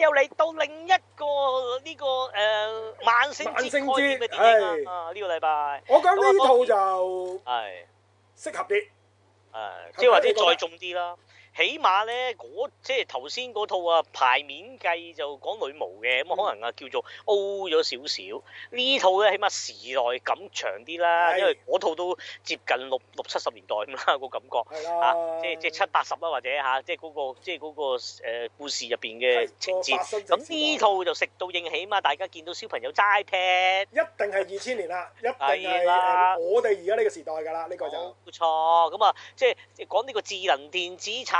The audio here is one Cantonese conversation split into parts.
又嚟到另一個呢、這個誒萬聖節嘅電影啊，呢、啊這個禮拜，我覺得呢套就係是適合啲，誒、啊，即係或者再重啲啦。起碼咧，即係頭先嗰套啊，排面計就講女巫嘅，咁可能啊叫做 O 咗少少。呢套咧起碼時代感長啲啦，因為嗰套都接近六六七十年代咁啦，個感覺，嚇即係即係七八十啦或者嚇，即係嗰個即係嗰個誒故事入邊嘅情節。咁呢套就食到應，起碼，大家見到小朋友齋聽，一定係二千年啦，係啦，我哋而家呢個時代㗎啦，呢個就冇錯。咁啊，即係講呢個智能電子產。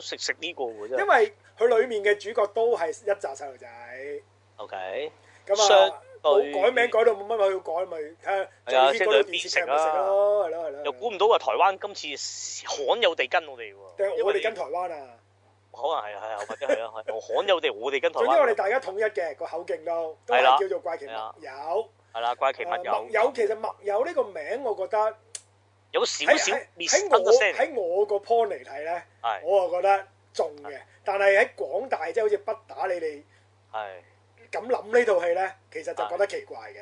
食食呢個喎？因為佢裏面嘅主角都係一紮細路仔。O K，咁啊，冇改名改到冇乜嘢要改咪，睇下再啲電視劇食咯，係咯，係咯。又估唔到話，台灣今次罕有地跟我哋喎、啊，我哋跟台灣啊。可能係啊係啊係啊，罕有地我哋跟台灣。總之我哋大家統一嘅個口徑都都係叫做怪奇默友係啦，怪奇默友有其實默友呢個名，我覺得。喺喺喺我喺我個 point 嚟睇咧，啊我啊覺得中嘅，啊、但係喺廣大即係好似不打你哋，係咁諗呢套戲咧，其實就覺得奇怪嘅。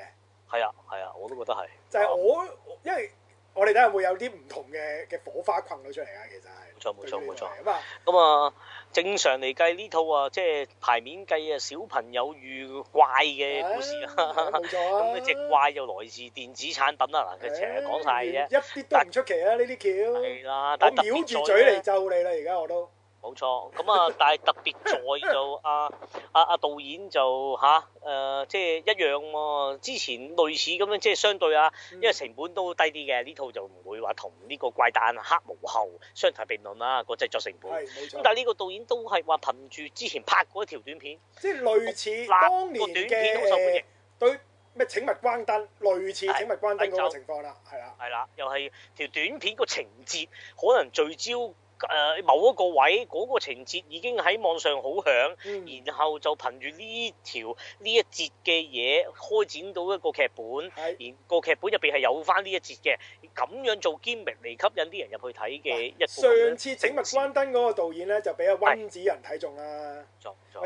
係啊，係啊，我都覺得係。就係我，啊、因為我哋睇下會有啲唔同嘅嘅火花困到出嚟啊，其實係。冇錯，冇錯，冇錯。咁啊麼。嗯正常嚟計呢套啊，即係牌面計啊，小朋友遇怪嘅故事啊。咁呢、 啊、隻怪就來自電子產品啦，嗱，佢成日講晒嘅啫。一啲都唔出奇啊！呢啲橋。係啦，了但係我咬住嘴嚟咒你啦，而家我都。冇錯，咁啊，但係特別在就啊。阿阿導演就吓，誒、啊呃，即係一樣喎。之前類似咁樣，即係相對啊，因為成本都低啲嘅，呢、嗯、套就唔會話同呢個怪誕黑巫後相提並論啦。個製作成本，咁但係呢個導演都係話憑住之前拍過一條短片，即係類似當年嘅、啊呃、對咩？請勿關燈，類似請勿關燈嗰個情況啦，係啦，係啦，又係條短片個情節可能聚焦。誒、呃、某一個位嗰、這個情節已經喺網上好響，嗯、然後就憑住呢條呢一節嘅嘢開展到一個劇本，而個劇本入邊係有翻呢一節嘅，咁樣做 g 明嚟吸引啲人入去睇嘅一上次整麥關燈嗰個導演咧，就俾阿溫子仁睇中啦。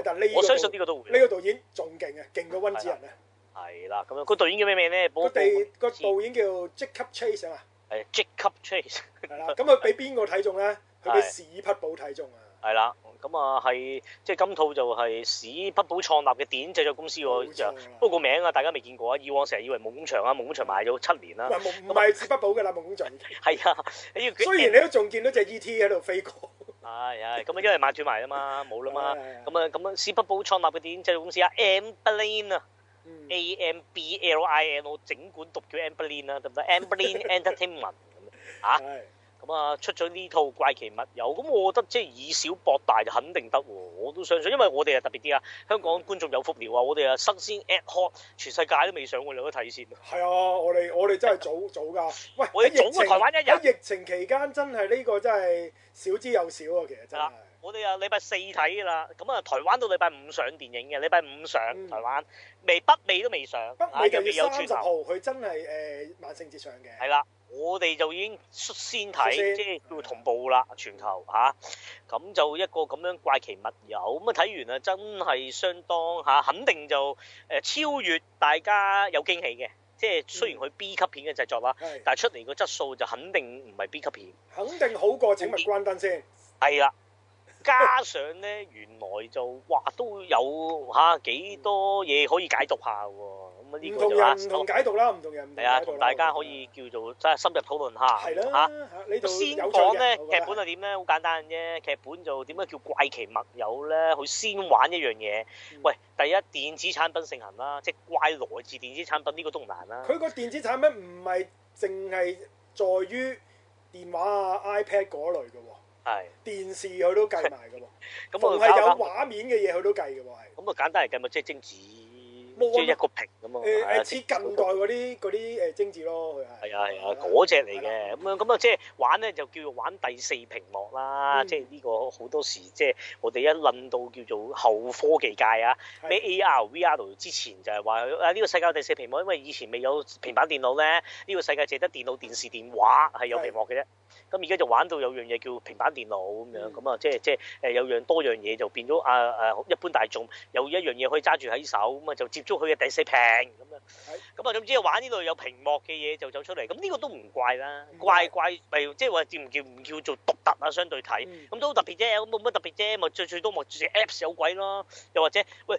但呢我相信呢個都會。呢個導演仲勁啊，勁過溫子仁啊。係啦，咁樣、那個導演叫咩名咧？個地個導演叫即級 chase 啊？係即級 chase。 係啦，咁佢俾邊個睇中咧？佢史匹寶睇中啊！係啦，咁啊係，即係今套就係史匹寶創立嘅電影製作公司喎，不、啊、包括名啊，大家未見過啊，以往成日以為夢工場啊，夢工場賣咗七年啦，唔係史匹寶㗎啦，夢工場係啊， 的雖然你都仲見到隻 E.T. 喺度飛過，係係， 咁因為賣斷埋啦嘛，冇啦嘛，咁啊咁啊，史匹寶創立嘅電影製作公司啊，Ambler，A、嗯、M B L I N，o, 我整管讀叫 Amblin 啊，得唔得？Amblin Entertainment 啊。咁啊，出咗呢套怪奇默友，咁我覺得即係以小博大就肯定得喎，我都相信，因為我哋啊特別啲啊，香港觀眾有福了啊，我哋啊新鮮 at hot，全世界都未上過你都睇先。係啊，我哋我哋真係早、啊、早㗎的，喂！我哋早過台灣一日，喺疫情喺疫情期間真係呢個真係少之又少啊，其實真係、啊。我哋啊禮拜四睇㗎啦，咁啊台灣到禮拜五上電影嘅，禮拜五上、嗯、台灣，未北美都未上，嗯、北美就十月三十號佢真係誒萬聖節上嘅。係啦、啊。我哋就已經率先睇，率先即係會同步啦，全球嚇，咁、啊、就一個咁樣怪奇默友咁啊！睇完啊，真係相當嚇、啊，肯定就誒超越大家有驚喜嘅，即係雖然佢 B 級片嘅製作啦，嗯、但係出嚟個質素就肯定唔係 B 級片，肯定好過請勿關燈先。係啦、嗯，加上呢，原來就哇都有嚇、啊、幾多嘢可以解讀下喎、啊。唔同人唔同解讀啦，唔同人唔同解讀。係啊，同大家可以叫做真係深入討論下。係咯，嚇。你就先講咧劇本係點咧？好簡單啫。劇本就點解叫怪奇默友咧？佢先玩一樣嘢。喂，第一電子產品盛行啦，即係怪來自電子產品呢個都唔難啦。佢個電子產品唔係淨係在於電話啊、iPad 嗰類嘅喎。係。電視佢都計埋㗎喎。咁係有畫面嘅嘢佢都計嘅喎，咁啊，簡單嚟計咪即係精子。即係一個屏咁嘛，誒誒似近代嗰啲嗰啲誒精緻咯，佢係。係啊係啊，嗰隻嚟嘅咁樣咁啊，啊即係玩咧就叫做玩第四屏幕啦。嗯、即係呢個好多時即係我哋一諗到叫做後科技界啊，喺是 A R V R 之前就係話啊呢、呢個世界有第四屏幕，因為以前未有平板電腦咧，呢、呢個世界只得電腦、電視、電話係有屏幕嘅啫。咁而家就玩到有樣嘢叫平板電腦咁、嗯、樣，咁啊即係即係誒有樣多樣嘢就變咗啊啊一般大眾有一樣嘢可以揸住喺手咁啊就接。捉佢嘅第四平咁樣，咁啊總之玩呢度有屏幕嘅嘢就走出嚟，咁呢個都唔怪啦，怪怪咪即係話叫唔叫唔叫做獨特啊？相對睇，咁都好特別啫，咁冇乜特別啫，咪最最多咪只 Apps 有鬼咯，又或者喂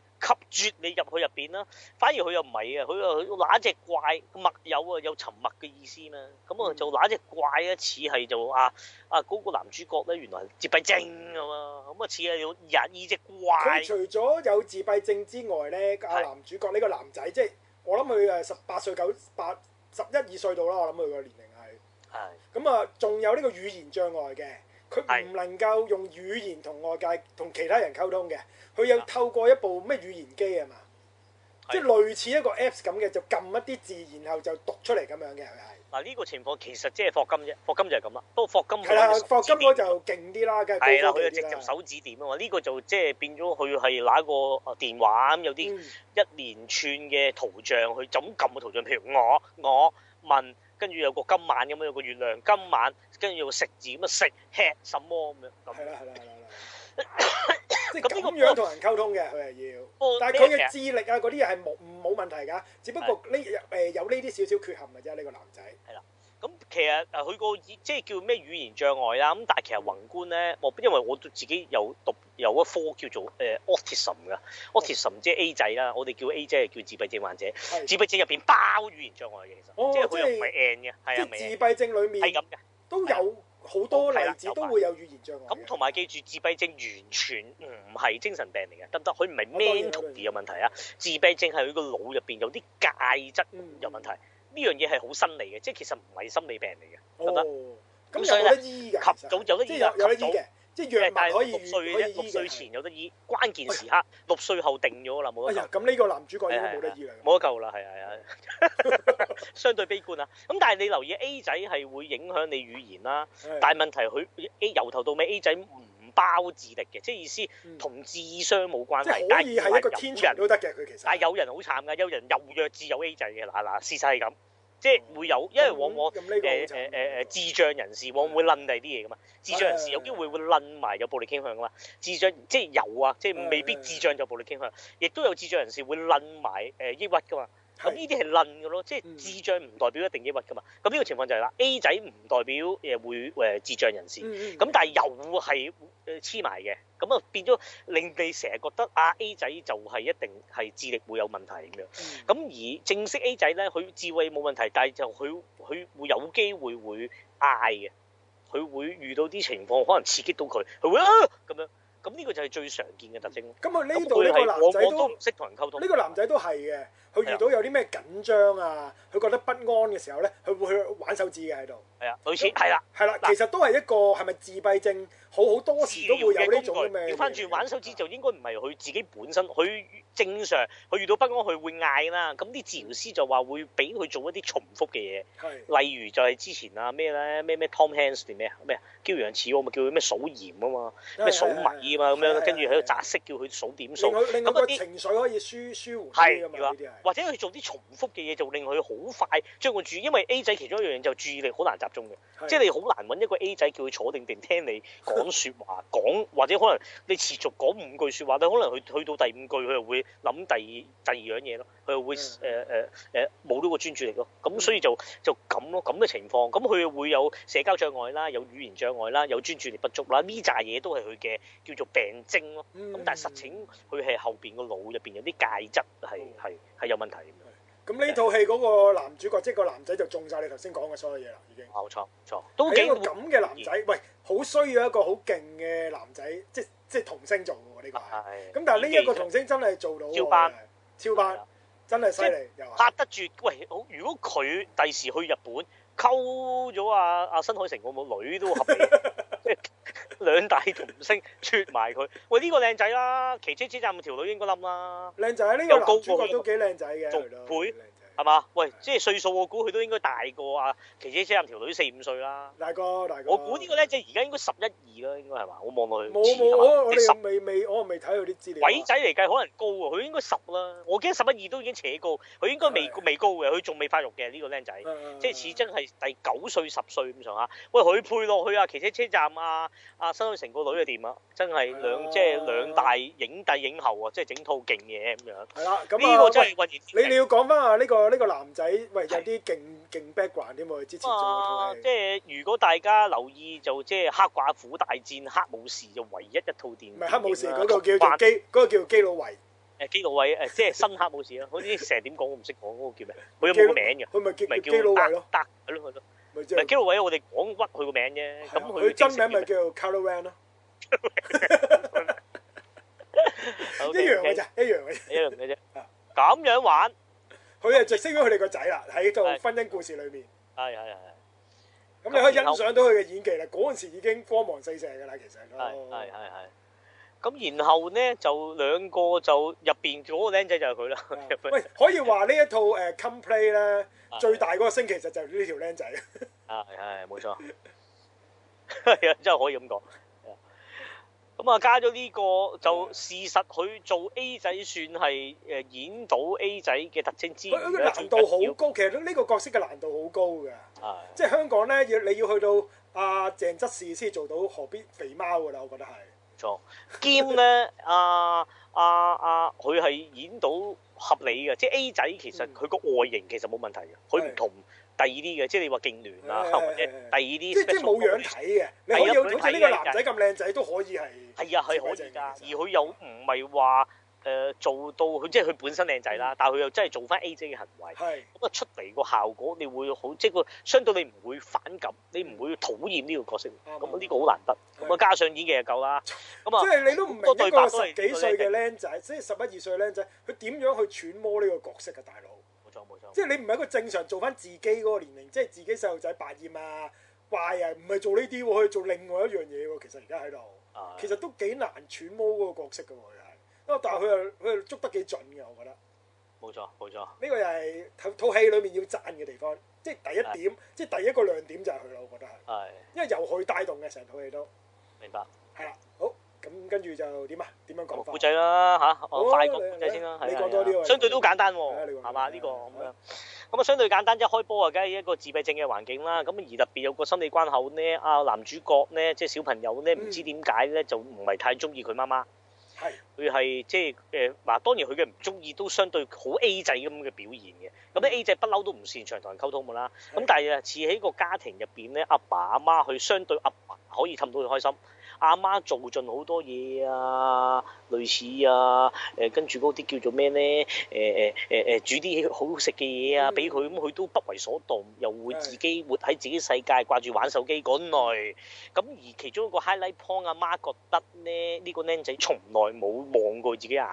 吸住你入去入邊啦，反而佢又唔係啊，佢又佢拿隻怪默友啊，有沉默嘅意思嘛，咁啊就拿隻怪啊似係做啊啊嗰個男主角咧原來係自閉症咁啊，咁啊似係要人依隻怪除咗有自閉症之外咧，男主。你呢個男仔，即係我諗佢誒十八歲九八十一二歲到啦，我諗佢個年齡係。係的。咁啊，仲有呢個語言障礙嘅，佢唔能夠用語言同外界同其他人溝通嘅，佢有透過一部咩語言機啊嘛？即係的類似一個 Apps 咁嘅，就撳一啲字，然後就讀出嚟咁樣嘅，係。嗱呢、啊這個情況其實即係霍金啫，霍金就係咁啦。不過霍金嗰個手指啦，霍金嗰就勁啲啦，嘅高手嚟啦。係啦，佢就直接手指點啊嘛？呢、嗯、個就即係變咗佢係拿個電話咁，有啲一連串嘅圖像，佢怎咁撳個圖像，譬如我，我問，跟住有個今晚咁樣，有個月亮，今晚跟住有個食字咁啊，食吃，吃什麼咁樣咁。係啦，係啦，係啦。 即係咁樣同人溝通嘅，佢係要，但係佢嘅智力啊嗰啲嘢係冇冇問題㗎，只不過呢誒有呢啲少少缺陷嘅啫，呢個男仔。係啦，咁其實誒佢個即係叫咩語言障礙啦，咁但係其實宏觀咧，我因為我自己有讀有一科叫做誒 Autism 噶，Autism 即係 A 仔啦，我哋叫 A 仔係叫自閉症患者，自閉症入邊包語言障礙嘅，其實即係佢又唔係 N 嘅，係啊，自閉症裡面係咁嘅都有。好多例子都會有語言障礙。咁同埋記住，自閉症完全唔係精神病嚟嘅，得唔得？佢唔係 mental 有問題啊，自閉症係佢個腦入邊有啲介質有問題。呢、嗯、樣嘢係好生理嘅，即係其實唔係心理病嚟嘅，得唔得？咁、嗯、所以咧，及早就得醫，即及早到。即係藥可以醫，六歲前有得醫，關鍵時刻六歲後定咗啦，冇得救。咁呢個男主角已經冇得醫啦，冇得救啦，係係係，相對悲觀啦。咁但係你留意 A 仔係會影響你語言啦，但係問題佢 A 由頭到尾 A 仔唔包智力嘅，即係意思同智商冇關係。即係可以係一個天人都得嘅佢其實，但係有人好慘噶，有人又弱智又 A 仔嘅，嗱嗱，事實係咁。即係會有，因為往往誒誒誒誒智障人士往往會冧第啲嘢噶嘛，智障人士有機會會冧埋有暴力傾向噶嘛。智障即係、就是、有啊，即、就、係、是、未必智障就暴力傾向，亦都有智障人士會冧埋誒抑鬱噶嘛。咁呢啲係濫嘅咯，即係、就是、智障唔代表一定抑鬱㗎嘛。咁呢個情況就係、是、啦，A 仔唔代表誒會誒智障人士，咁但係又係黐埋嘅，咁啊變咗令你成日覺得啊 A 仔就係一定係智力會有問題咁樣。咁而正式 A 仔咧，佢智慧冇問題，但係就佢佢會有機會會嗌嘅，佢會遇到啲情況可能刺激到佢，佢會啊咁樣。咁呢個就係最常見嘅特徵咯。咁啊、嗯，呢度呢個男仔都，唔識同人溝通。呢個男仔都係嘅。佢遇到有啲咩緊張啊，佢的覺得不安嘅時候咧，佢會去玩手指嘅喺度。係啊，類似係啦，係啦，其實都係一個係咪自閉症？好好多時都會有呢種嘅。調翻轉玩手指，就應該唔係佢自己本身，佢正常，佢遇到不安佢會嗌啦。咁啲治療師就話會俾佢做一啲重複嘅嘢，例如就係之前啊咩咧咩咩 Tom Hanks 定咩啊咩啊，驕陽似我咪叫佢咩數鹽啊嘛，咩數米啊嘛咁樣，跟住喺度扎色叫佢數點數。咁啲情緒可以舒舒緩或者佢做啲重複嘅嘢，就令佢好快將佢注，因為 A 仔其中一樣嘢就注意力好難集。中嘅，即係你好難揾一個 A 仔叫佢坐定定聽你講説話， 講或者可能你持續講五句説話，你可能去去到第五句佢就會諗第第二樣嘢咯，佢會誒誒誒冇呢個專注力咯，咁所以就就咁咯，咁嘅情況，咁佢會有社交障礙啦，有語言障礙啦，有專注力不足啦，呢扎嘢都係佢嘅叫做病徵咯。咁、嗯嗯、但係實情佢係後邊個腦入邊有啲介質係係係有問題。咁呢套戲嗰個男主角，即、就、係、是、個男仔就中晒你頭先講嘅所有嘢啦，已經。冇錯，錯。係一個咁嘅男仔，喂，好需要一個好勁嘅男仔，即係即係童星做喎呢、這個。係、啊。咁但係呢一個童星真係做到，班超班，超班的，真係犀利。即又話是拍得住，喂，如果佢第時去日本溝咗阿阿新海誠個女都合理。 兩大童星出埋佢，喂呢、這個靚仔啦！騎車車站條女應該冧啦，靚仔呢、這個男主角都幾靚仔嘅，會係嘛？喂，即係歲數，我估佢都應該大過啊，騎車車站條女四五歲啦。大過大過。我估呢個僆仔而家應該十一二啦，應該係嘛？我望落去。我我我哋十未未，我未睇佢啲資料。鬼仔嚟計可能高喎，佢應該十啦。我驚十一二都已經扯高，佢應該未未高嘅，佢仲未發育嘅呢個僆仔。即係似真係第九歲十歲咁上下。喂，佢配落去啊，騎車車站啊，阿新成個女啊，掂啊！真係兩即係兩大影帝影后啊！即係整套勁嘢咁樣。係啦，咁呢個真係你你要講翻下呢個。呢個男仔，喂，有啲勁勁 background 添喎！佢之前做套即係如果大家留意，就即係《黑寡婦大戰黑武士》就唯一一套電影。唔係黑武士嗰個叫做基，嗰個叫基魯維。誒基魯維誒，即係新黑武士咯。好似成日點講，我唔識講嗰個叫咩？佢有冇個名嘅？佢咪叫基魯維咯？係咯係咯。咪基魯維我哋講屈佢個名啫。咁佢真名咪叫做 colovan 咯？一樣嘅啫，一樣嘅啫。一樣嘅啫。咁樣玩。佢就直升咗佢哋個仔啦，喺套婚姻故事裏面。係係係。咁你可以欣賞到佢嘅演技啦，嗰陣後時已經光芒四射嘅啦，其實。係係係係。咁然後咧就兩個就入邊嗰個靚仔就係佢啦。喂是， 可以話呢一套誒 Come Play 咧，是最大嗰個星其實就係呢條靚仔。啊 係，冇錯。錯 真係可以咁講。咁啊，加咗呢、這個就事實，佢做 A 仔算係誒演到 A 仔嘅特徵之一，難度好高，其實呢個角色嘅難度好高嘅。係，是的 即係香港咧，要你要去到阿、呃、鄭則仕先做到，何必肥貓㗎啦？我覺得係。冇錯，兼咧，阿阿阿佢係演到合理嘅，即係 A 仔其實佢個、嗯、外形其實冇問題嘅，佢唔同。第二啲嘅，即係你話勁暖啦。第二啲，即即冇樣睇嘅，你睇呢個男仔咁靚仔都可以係。係啊，係可以噶，而佢又唔係話誒做到佢，即係佢本身靚仔啦，但係佢又真係做返 AJ 嘅行為。係咁啊，出嚟個效果你會好，即係佢相對你唔會反感，你唔會討厭呢個角色。咁呢個好難得。咁啊，加上演技就夠啦。咁啊，即係你都唔明對白，一個十幾歲嘅靚仔，即係十一二歲靚仔，佢點樣去揣摩呢個角色嘅大佬？即係你唔係一個正常做翻自己嗰個年齡，即係自己細路仔百厭啊壞啊，唔係做呢啲喎，佢做另外一樣嘢喎。其實而家喺度，嗯、其實都幾難揣摩嗰個角色嘅喎，又係。不過但係佢又佢又捉得幾準嘅，我覺得。冇錯，冇錯。呢個又係套套戲裏面要讚嘅地方，即係第一點，的即係第一個亮點就係佢啦。我覺得係。係的。因為由佢帶動嘅成套戲都。明白。係啦。咁跟住就點啊？點樣講？古仔啦吓，快個古仔先啦，係啊。相對都簡單喎，係嘛？呢個咁樣，咁啊相對簡單。一開波啊，梗係一個自閉症嘅環境啦。咁而特別有個心理關口呢，啊男主角呢，即係小朋友呢，唔知點解呢，就唔係太中意佢媽媽。係。佢係即係誒，嗱，當然佢嘅唔中意都相對好 A 仔咁嘅表現嘅。咁咧 A 仔不嬲都唔擅長同人溝通嘅啦。咁但係似喺個家庭入邊呢，阿爸阿媽佢相對阿爸可以氹到佢開心。阿媽做盡好多嘢啊，類似啊，誒跟住嗰啲叫做咩咧？誒誒誒誒煮啲好食嘅嘢啊，俾佢，咁佢都不為所動，又會自己活喺自己世界，掛住玩手機嗰類。咁而其中一個 highlight point，阿媽覺得咧呢、呢個僆仔從來冇望過自己眼。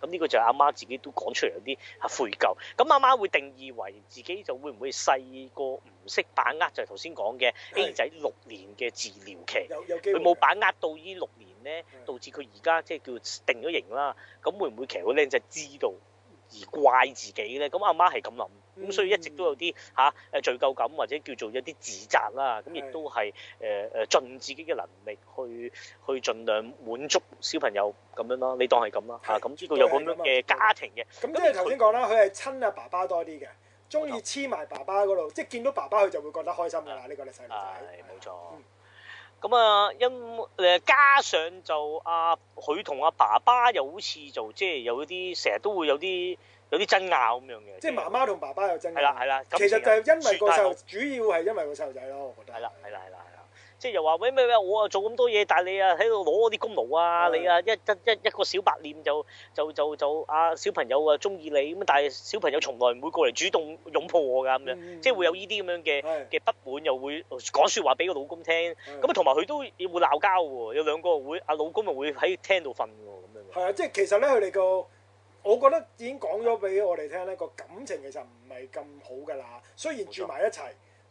咁呢個就係阿媽，媽自己都講出嚟有啲啊悔疚。咁阿媽，媽會定義為自己就會唔會細個唔識把握，就係頭先講嘅 A 仔六年嘅治療期，佢冇是把握到呢六年咧，導致佢而家即係叫定咗型啦。咁會唔會其實個靚仔知道而怪自己咧？咁阿媽係咁諗。咁所以一直都有啲嚇誒罪疚感，或者叫做一啲自責啦，咁亦都係誒誒盡自己嘅能力去去盡量滿足小朋友咁樣啦，你當係咁啦嚇。咁呢個有咁樣嘅家庭嘅。咁咁你頭先講啦，佢係親阿爸爸多啲嘅，中意黐埋爸爸嗰度，即係見到爸爸佢就會覺得開心噶啦。呢個你細路仔。係冇錯。咁啊，因誒加上就阿佢同阿爸爸又好似就即係有啲成日都會有啲。有啲爭拗咁樣嘅，即係媽媽同爸爸有爭拗。係啦係啦，咁其實就係因為個細路，主要係因為個細路仔咯，我覺得。係啦係啦係啦係啦，即係又話喂咩咩，我啊做咁多嘢，但係你啊喺度攞我啲功勞啊，你啊一一一一個小白臉就就就就啊小朋友啊中意你咁，但係小朋友從來唔會過嚟主動擁抱我㗎咁樣，即係會有呢啲咁樣嘅嘅不滿，又會講説話俾個老公聽，咁啊同埋佢都會鬧交喎，有兩個會啊老公咪會喺廳度瞓喎咁樣。係啊，即係其實咧，佢哋個。我覺得已經講咗俾我哋聽咧，個感情其實唔係咁好噶啦。雖然住埋一齊，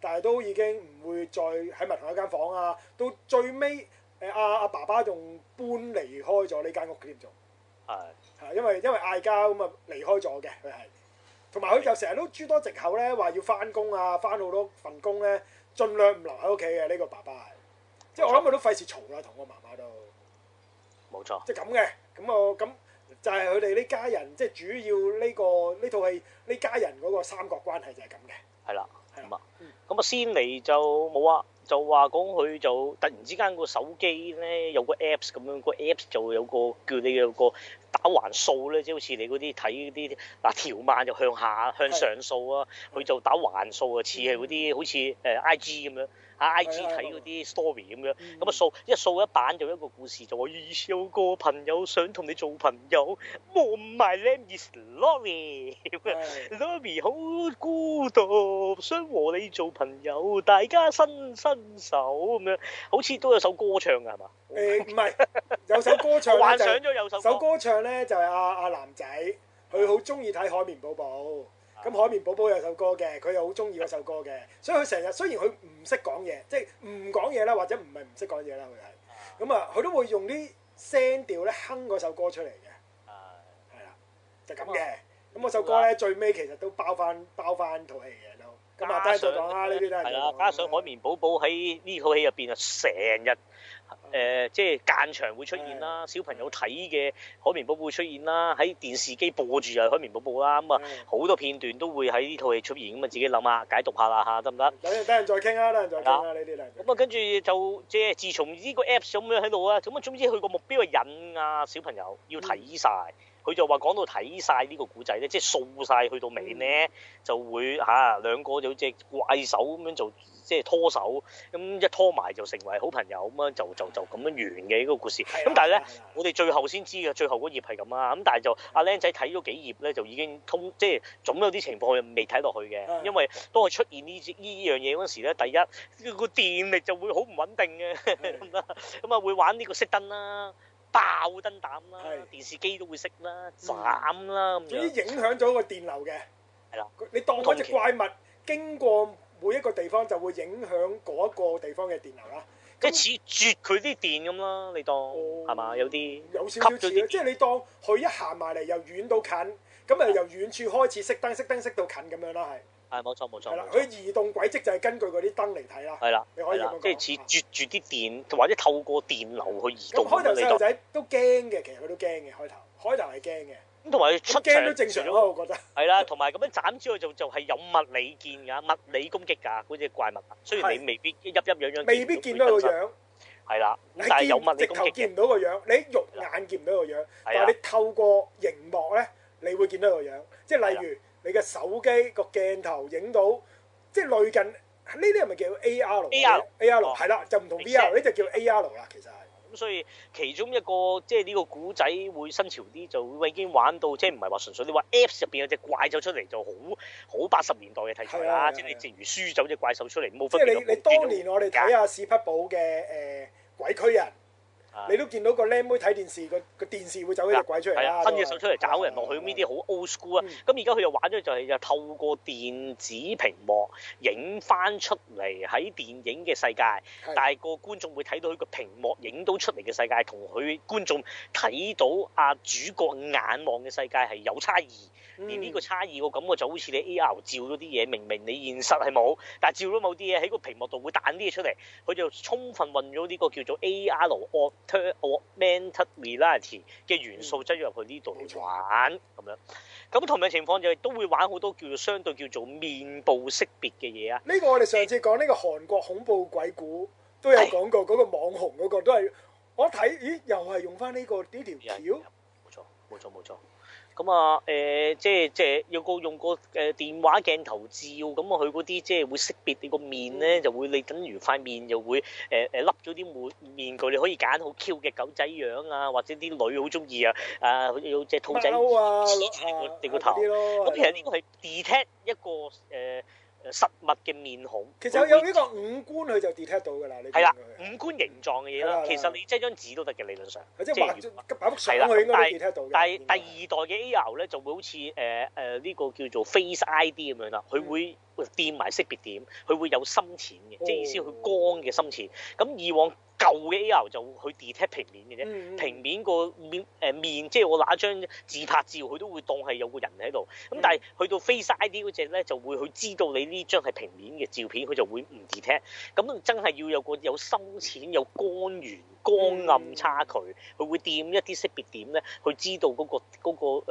但係都已經唔會再喺埋同一間房啊。到最尾，誒阿阿爸爸仲搬離開咗呢間屋幾點鐘？係、uh, 因為因為嗌交咁啊離開咗嘅佢係。同埋佢又成日都諸多藉口咧，話要返工啊，返好多份工咧，盡量唔留喺屋企嘅呢個爸爸係。冇錯。即係我諗佢都費事嘈啦，同我媽媽都冇錯。即係咁嘅，咁我咁。就係佢哋呢家人，即係主要呢、這個呢套戲呢家人嗰個三角關係就係咁嘅。係啦了，係咁啊，咁啊、嗯，先嚟就冇啊，就話講佢就突然之間個手機咧有個 apps 咁樣，個 apps 就有個叫你有個打橫掃咧，即、就、係、是、好似你嗰啲睇嗰啲嗱條漫就向下向上掃啊，佢的就打橫掃啊，似係嗰啲好似誒、呃、IG 咁樣。IG 睇嗰啲 story 咁樣，咁啊、嗯、掃一掃一版就一個故事，就我以前有個朋友想同你做朋友，我 my name is Lorry，Lorry 好孤獨，想和你做朋友，大家伸伸，伸手咁樣，好似都有首歌唱㗎係嘛？誒唔係有首歌唱、就係、 幻想咗有首歌首歌唱咧就係阿阿男仔，佢好中意睇《海綿寶寶》。咁海綿寶寶有首歌嘅，佢又好鍾意嗰首歌嘅，所以佢成日雖然佢唔識講嘢，即係唔講嘢啦，或者唔係唔識講嘢啦，佢係，咁啊，佢都會用啲聲調咧哼嗰首歌出嚟嘅，係、嗯，係啦，就咁嘅，咁嗰首歌咧、嗯、最尾其實都包返上包返套戲嘅都，咁啊上，低都講啦，呢啲都係，係啦，加上海綿寶寶喺呢套戲入邊啊，成日。誒、呃，即係間場會出現啦，的小朋友睇嘅《海綿寶寶》會出現啦，喺的電視機播住就《海綿寶寶》啦、嗯，咁啊好多片段都會喺呢套戲出現，咁啊自己諗下解讀下啦嚇，得唔得？等陣等陣再傾啦，等陣再傾呢啲咁啊，跟住就即係自從呢個 Apps 咁樣喺度啊，咁啊，總之佢個目標係引啊小朋友要睇晒。佢、嗯、就話講到睇晒呢個古仔咧，即係掃晒去到尾呢，嗯、就會嚇、啊、兩個好似怪手咁樣做。即係拖手，咁一拖埋就成為好朋友咁樣，就就就咁樣完嘅呢個故事。咁但係咧，我哋最後先知嘅，最後嗰頁係咁啊！咁但係就阿僆仔睇咗幾頁咧，就已經通，即係總有啲情況未睇落去嘅。因為當佢出現呢呢樣嘢嗰時咧，第一個電力就會好唔穩定嘅，咁啊會玩呢個熄燈啦、爆燈膽啦、電視機都會熄啦、斬啦咁樣。總之影響咗個電流嘅。係咯，你當嗰隻怪物經過。每一個地方就會影響嗰一個地方嘅電流啦，即係似絕佢啲電咁啦，你當係嘛、哦？有啲有少少似，電即係你當佢一行埋嚟，由遠到近，咁啊由遠處開始熄燈，熄燈熄到近咁樣啦，係。係冇錯冇錯。係啦的，佢錯移動軌跡就係根據嗰啲燈嚟睇啦。係啦、嗯，的你可以點樣講？即係似絕住啲電，或者透過電流去移動咁樣嚟到。開頭細路仔都驚嘅，其實佢都驚嘅。開頭開頭係驚嘅。咁同埋出鏡都正常咗啦，我覺得係啦。同埋咁樣斬之後就就係有物理見㗎，物理攻擊㗎，好似怪物啊。雖然你未必一一樣樣，未必見到個樣。係啦，你見直頭見唔到個樣，你喺肉眼見唔到個樣，但係你透過熒幕咧，你會見到個樣。即係例如你嘅手機個鏡頭影到，即係類近呢啲係咪叫 AR？AR AR 係啦，就唔同 VR 呢，就叫 AR 啦，其實。所以其中一個即係呢個古仔會新潮啲，就會已經玩到，即係唔係話純粹你話、就是、Apps 入邊有隻怪獸出嚟就好好八十年代嘅題材啦，即係的、啊、你正如輸走隻怪獸出嚟冇分別。即係你你當年我哋睇下史匹堡嘅、誒、呃、鬼區人。你都見到個僆妹睇電視，個個電視會走鬼出嚟啊，伸隻手出嚟找人落去，呢啲好 old school 啊！咁而家佢又玩咗就係又透過電子屏幕影翻出嚟喺電影嘅世界，但係個觀眾會睇到呢個屏幕影到出嚟嘅世界，同佢觀眾睇到阿主角眼望嘅世界係有差異。連呢個差異個感覺就好似你 AR 照咗啲嘢，明明你現實係冇，但係照咗某啲嘢喺個屏幕度會彈啲嘢出嚟，佢就充分運咗呢個叫做 AR Augmented reality 嘅元素擠、嗯、入去呢度玩咁錯樣，咁同樣情況就係都會玩好多叫做相對叫做面部識別嘅嘢啊。呢個我哋上次講呢個韓國恐怖鬼故都有講過，嗰個網紅嗰個都係唉我睇，咦又係用翻呢、呢個呢條橋，冇錯冇錯冇錯。咁啊，誒，即係即係用個用個誒電話鏡頭照，咁啊，佢嗰啲即係會識別你個面咧，就會你等如塊面又會誒誒甩咗啲面面具，你可以揀好 Q 嘅狗仔樣啊，或者啲女好中意啊，啊，有隻兔仔，黐住定個頭。咁其實呢個係 detect 一個誒。實物嘅面孔，其實有呢、這個會五官佢就 detect 到㗎啦，你係啦，五官形狀嘅嘢啦，的其實你即係張紙都得嘅理論上，的即係畫張係啦，但係第二代嘅 AI 咧就會好似誒誒呢個叫做 Face ID 咁樣啦，佢會、嗯。掂埋識別點，佢會有深淺嘅，即係意思佢光嘅深淺。咁以往舊嘅 AI 就會去 detect 平面嘅啫，嗯、平面個面誒面，即係、嗯呃就是、我拿張自拍照，佢都會當係有個人喺度。咁但係去到 Face ID 嗰隻咧，就會佢知道你呢張係平面嘅照片，佢就會唔 detect。咁真係要有個有深淺、有光源、光暗差距，佢會掂一啲識別點咧，佢知道嗰、那個嗰、那個誒誒、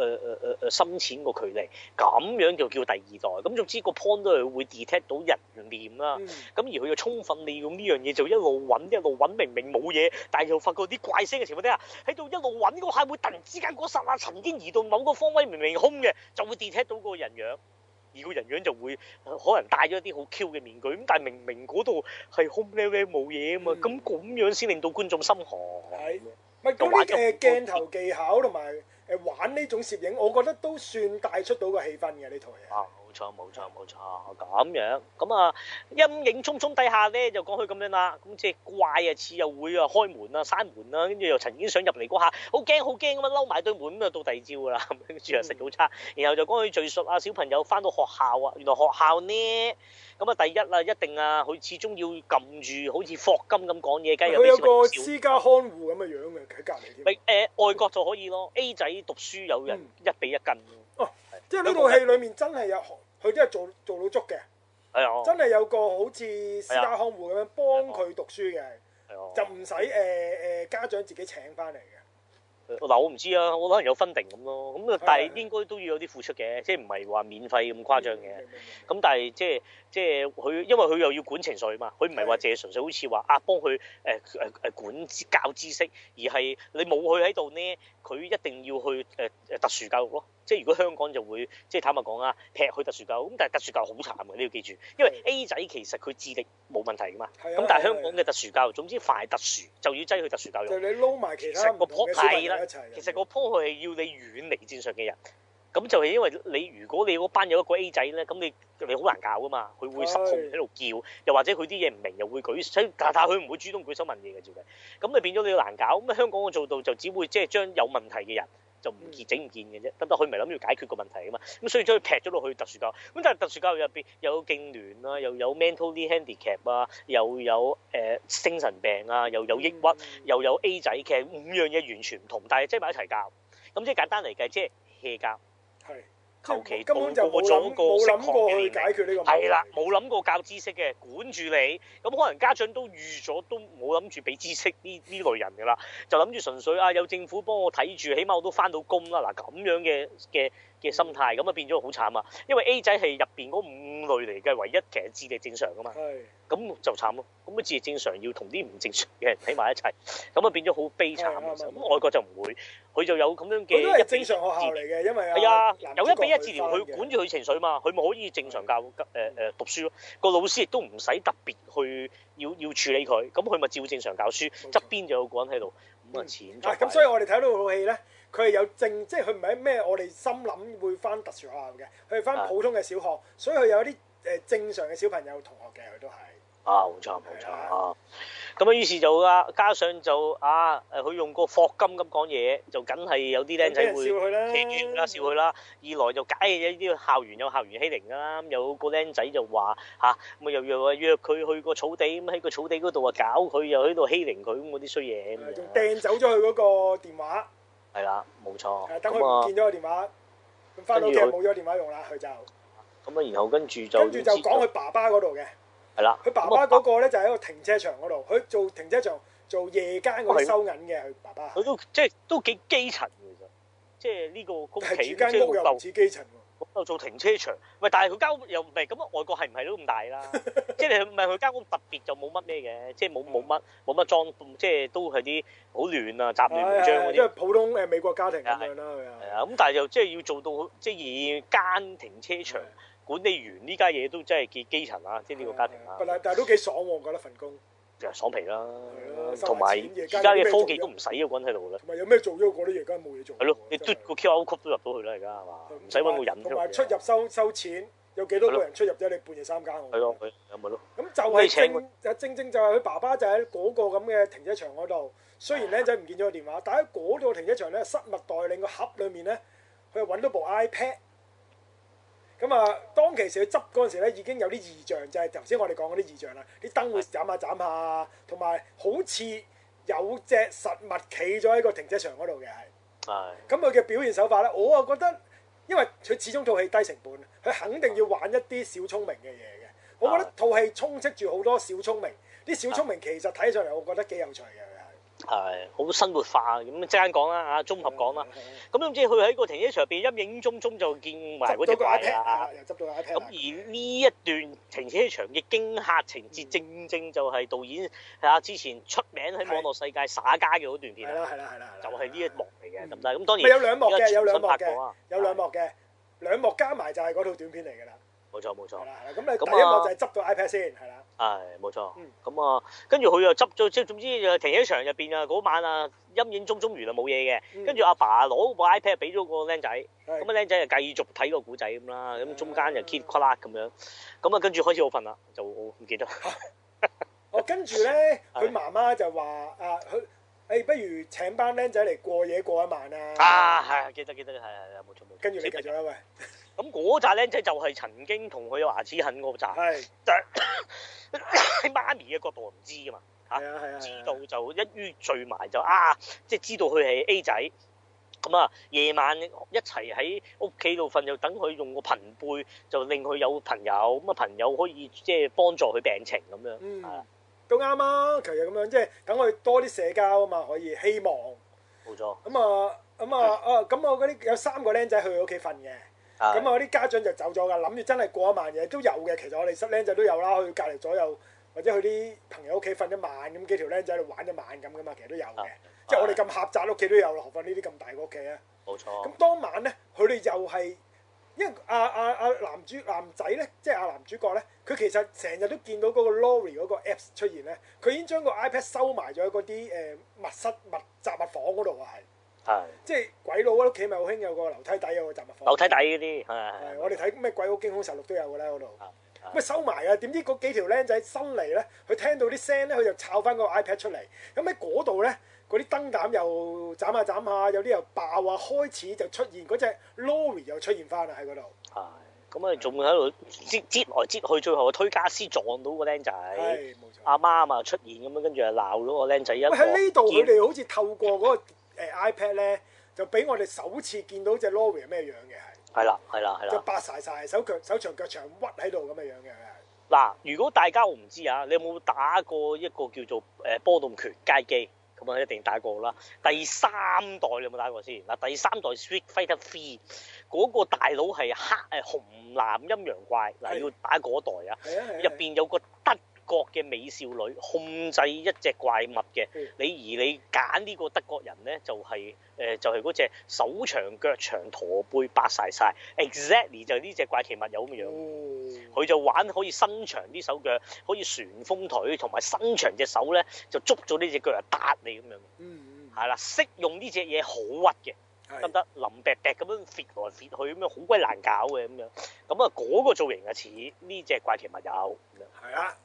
呃呃、深淺個距離，咁樣就叫第二代。咁總之個 point 都佢會 detect 到人臉啦，咁、嗯、而佢又充分利用呢樣嘢，就一路揾一路揾，明明冇嘢，但係又發覺啲怪聲嘅情況底下，喺度一路揾嗰下會突然之間嗰剎那，曾經移動某個方位，明明明空嘅就會 detect 到嗰個人樣，而個人樣就會可能戴咗啲好 Q 嘅面具，咁但係明明嗰度係空咧咧冇嘢啊嘛，咁咁、嗯、樣先令到觀眾心寒。係是，咪講啲誒鏡頭技巧同埋誒玩呢種攝影，我覺得都算帶出到個氣氛嘅呢套嘢。啊錯冇錯冇錯，咁樣咁啊陰影匆匆底下咧就講佢咁樣啦，咁即係怪啊似又會啊開門啊閂門啊，跟住又曾經想入嚟嗰下，好驚好驚咁樣摟埋堆門咁啊，到第二朝噶啦，跟住又食早餐，嗯、然後就講佢敘述啊小朋友返到學校啊，原來學校呢，咁啊第一啊一定啊佢始終要撳住好似霍金咁講嘢，梗係有。佢有個私家看護咁嘅樣嘅喺隔離。咪誒、嗯呃、外國就可以咯，A 仔讀書有人一比一跟咯。哦，即係呢套戲裡面真係有。佢都係做做到足嘅，哎、呦真係有個好似私家看護咁樣幫佢讀書嘅，哎、呦就唔使誒誒家長自己請翻嚟嘅。嗱、呃、我唔知啊，我可能有分定咁咯，咁但係應該都要有啲付出嘅，即係唔係話免費咁誇張嘅，咁但係即係即係佢因為佢又要管情緒嘛，佢唔係話淨係純粹好似話啊幫佢誒誒誒管教知識，而係你冇佢喺度呢？佢一定要去誒誒、呃、特殊教育咯，即係如果香港就會即係坦白講啊，劈去特殊教育，咁但係特殊教育好慘嘅，你要記住，因為 A 仔其實佢智力冇問題㗎嘛，咁的但係香港嘅特殊教育，總之凡係特殊就要擠去特殊教育。你撈埋，其實個坡係啦，其實個坡係要你遠離正常嘅人。咁就係因為你如果你嗰班有一個 A 仔咧，咁你你好難搞㗎嘛。佢會失控喺度叫，又或者佢啲嘢唔明，又會舉手。但但佢唔會主動舉手問嘢嘅，照計咁你變咗你要難搞。咁香港我做到就只會即係、就是、將有問題嘅人就唔見整唔見嘅啫，得唔得？佢唔係諗住解決個問題啊嘛。咁所以將佢劈咗落去特殊教育。咁但係特殊教育入邊又有痙攣啦，又有 mental handicap 啊，又有誒、呃、精神病啊，又有抑鬱，嗯嗯又有 A 仔，其實五樣嘢完全唔同，但係擠埋一齊教。咁即係簡單嚟計，即係 hea 教。求其當過咗個識解嘅呢個，係啦，冇諗過教知識嘅，管住你。咁可能家長都預咗，都冇諗住俾知識呢呢類人㗎啦，就諗住純粹啊有政府幫我睇住，起碼我都翻到工啦。嗱、啊、咁樣嘅嘅嘅心態咁啊變咗好慘啊，因為 A 仔係入邊嗰五類嚟嘅唯一，其實智力正常㗎嘛，咁是就慘咯。咁啊智力正常要同啲唔正常嘅人喺埋一齊，咁啊變咗好悲慘嘅。咁外國就唔會，佢就有咁樣嘅一正常學校嚟嘅，因為係啊，有一比一治療，佢管住佢情緒嘛，佢咪可以正常教誒誒的、呃、讀書咯。個老師亦都唔使特別去要要處理佢，咁佢咪照正常教書。側的邊就有個,個人喺度，咁啊錢啊，咁、嗯、所以我哋睇到套戲咧。佢係有正，即係佢唔係咩，我哋心諗會返特殊學校嘅，佢係返普通嘅小學，所以佢有啲誒正常嘅小朋友同學嘅，佢都係。啊，冇錯冇錯啊！咁是的 啊，於是就啊，加上就啊，誒，佢用個霍金咁講嘢，就梗係有啲僆仔會笑佢啦。二來就解咗呢啲校園有校園欺凌㗎啦。有個僆仔就話吓，咁啊又又話約佢去個草地，咁喺個草地嗰度啊搞佢，又喺度欺凌佢咁嗰啲衰嘢。仲掟、啊、走咗佢嗰個電話。係啦，冇錯。咁啊，等佢唔見咗個電話，咁翻、啊、到屋企冇咗電話用啦，佢就咁啊，然後跟住就跟住就講佢爸爸嗰度嘅。係啦的，佢爸爸嗰個咧就喺個停車場嗰度，佢做停車場做夜間嗰啲收銀嘅，佢是爸爸。佢都即係都幾基層嘅，其實即係呢個工。係住間屋又唔似基層。做停車場，喂！但係佢交屋又唔係咁啊，外國係唔係都咁大啦？ 即係唔係佢交工特別就冇乜咩嘅，即係冇冇乜冇乜裝，即係都係啲好亂啊，雜亂無章啲。因為、哎就是、普通誒美國家庭咁樣啦，係啊。咁又但係又即係要做到即係、就是、以間停車場的管理員呢家嘢都真係幾基層啊。即係呢個家庭啦。但係都幾爽我覺得，我覺得份工。就係爽皮啦，同埋而家嘅科技都唔使要揾喺度啦，同埋有咩做咗嗰啲而家冇嘢做，係咯，你嘟個 Q R code 都入到去啦，而家係嘛，唔使揾個人。同埋出入收收錢，有幾多個人出入啫？你半夜三更，係咯，係咪咯？咁就係正，正正就係佢爸爸就喺嗰個咁嘅停車場嗰度。雖然咧就唔見咗個電話，但喺嗰個停車場咧，失物代領個盒裏面咧，佢揾到部 iPad。咁啊，當其實其時佢執嗰陣時咧，已經有啲異象，就係頭先我哋講嗰啲異象啦。啲燈會眨下眨下，同埋好似有隻實物企咗喺個停車場嗰度嘅，係、哎。係。咁佢嘅表現手法咧，我啊覺得，因為佢始終套戲低成本，佢肯定要玩一啲小聰明嘅嘢嘅。我覺得套戲充斥住好多小聰明，啲小聰明其實睇上嚟我覺得幾有趣嘅。係、uh, 好生活化咁即刻講啦啊，綜合講啦。咁總之佢喺個停車場入邊，陰、嗯、影中中就見埋嗰隻怪啦。又執到個咁、嗯、而呢一段停車場嘅驚嚇情節，正正就係導演啊之前出名喺網絡世界耍家嘅嗰段片。係啦係啦係啦就係呢一幕嚟嘅。咁、嗯、但係咁當然有兩幕嘅，有兩幕嘅，有兩幕嘅，兩的幕加埋就係嗰套短片嚟噶啦。冇錯冇錯，咁你第一個就係執到 iPad 先，係啦，係冇錯，咁啊，跟住佢又執咗，即係總之就停車場入邊啊，嗰晚啊，陰影中中完啦，冇嘢嘅，跟住阿爸攞部 iPad 俾咗個僆仔，咁啊僆仔就繼續睇個古仔咁啦，咁中間就 keep quiet 咁樣，咁啊跟住開始好瞓啦，就唔記得，我跟住咧，佢媽媽就話啊，佢，哎不如請班僆仔嚟過夜過一晚啊，啊係，記得記得，係係冇錯冇錯，跟住你繼續啦，喂。咁嗰扎僆仔就係曾經同佢有牙齒痕嗰扎，但喺媽咪嘅角度唔知噶嘛嚇，啊啊啊啊、知道就一於聚埋就啊，即係知道佢係 A 仔咁、嗯、啊。夜晚一齊喺屋企度瞓，就等佢用個朋輩就令佢有朋友咁啊，朋友可以即係、就是、幫助佢病情咁樣啊，都啱啊，其實咁樣即係等佢多啲社交啊嘛，可以希望冇錯咁啊咁啊啊咁啊嗰啲有三個僆仔去佢屋企瞓嘅。咁啊！啲、嗯嗯、家長就走咗噶，諗住真係過一晚嘢都有嘅。其實我哋失僆仔都有啦，去隔離左右或者去啲朋友屋企瞓一晚，咁幾條僆仔嚟玩一晚咁噶嘛。其實有、嗯、都有嘅錯、啊啊啊，即係我哋咁狹窄屋企都有咯，何況呢啲咁大個屋企啊？冇錯。咁當晚咧，佢哋又係因為阿阿阿男主男仔咧，即係阿男主角咧，佢其實成日都見到嗰個 Lori 嗰個 Apps 出現咧，佢已經將個 iPad 收埋咗嗰啲誒密室密雜物房嗰度啊，係。係，即係鬼佬屋企咪好興有個樓梯底有個雜物房。樓梯底呢啲係係，我哋睇咩鬼屋驚恐十六都有嘅啦嗰度。咁啊收埋啊，點知嗰幾條僆仔新嚟咧？佢聽到啲聲咧，佢就摷翻個 iPad 出嚟。咁喺嗰度咧，嗰啲燈膽又斬下、啊、斬下、啊，有啲又爆啊！開始就出現嗰隻 Lori 又出現翻啦喺嗰度。係，咁啊仲喺度接接來接去，最後，最後推家私撞到個僆仔。冇阿、啊、媽啊出現咁樣，跟住就鬧咗個僆仔、啊、一喺呢度佢哋好似透過嗰個。iPad 咧就俾我哋首次見到隻 Lori 係咩樣嘅係，係啦係啦係啦，即係白曬晒手腳手長腳長屈喺度咁嘅樣嘅。嗱，如果大家我唔知啊，你有冇打過一個叫做誒波動拳街機咁啊？一定打過啦。第三代你有冇打過先？嗱，第三代 Street Fighter III 嗰個大佬係黑誒紅藍陰陽怪嗱，的要打嗰代啊，入邊有個。國嘅美少女控制一隻怪物嘅，你而你揀呢個德國人咧，就係誒，就係嗰隻手長腳長，駝背白晒晒。Exactly 就係呢隻怪奇默友咁樣，佢就玩可以伸長啲手腳，可以旋風腿同埋伸長隻手咧，就捉咗呢隻腳嚟打你咁樣。嗯嗯，係啦，識用呢隻嘢好屈嘅，得唔得？林劈劈咁樣揹來揹去咁樣，好鬼難搞嘅咁樣。咁啊，嗰個造型啊似呢隻怪奇默友。係啊。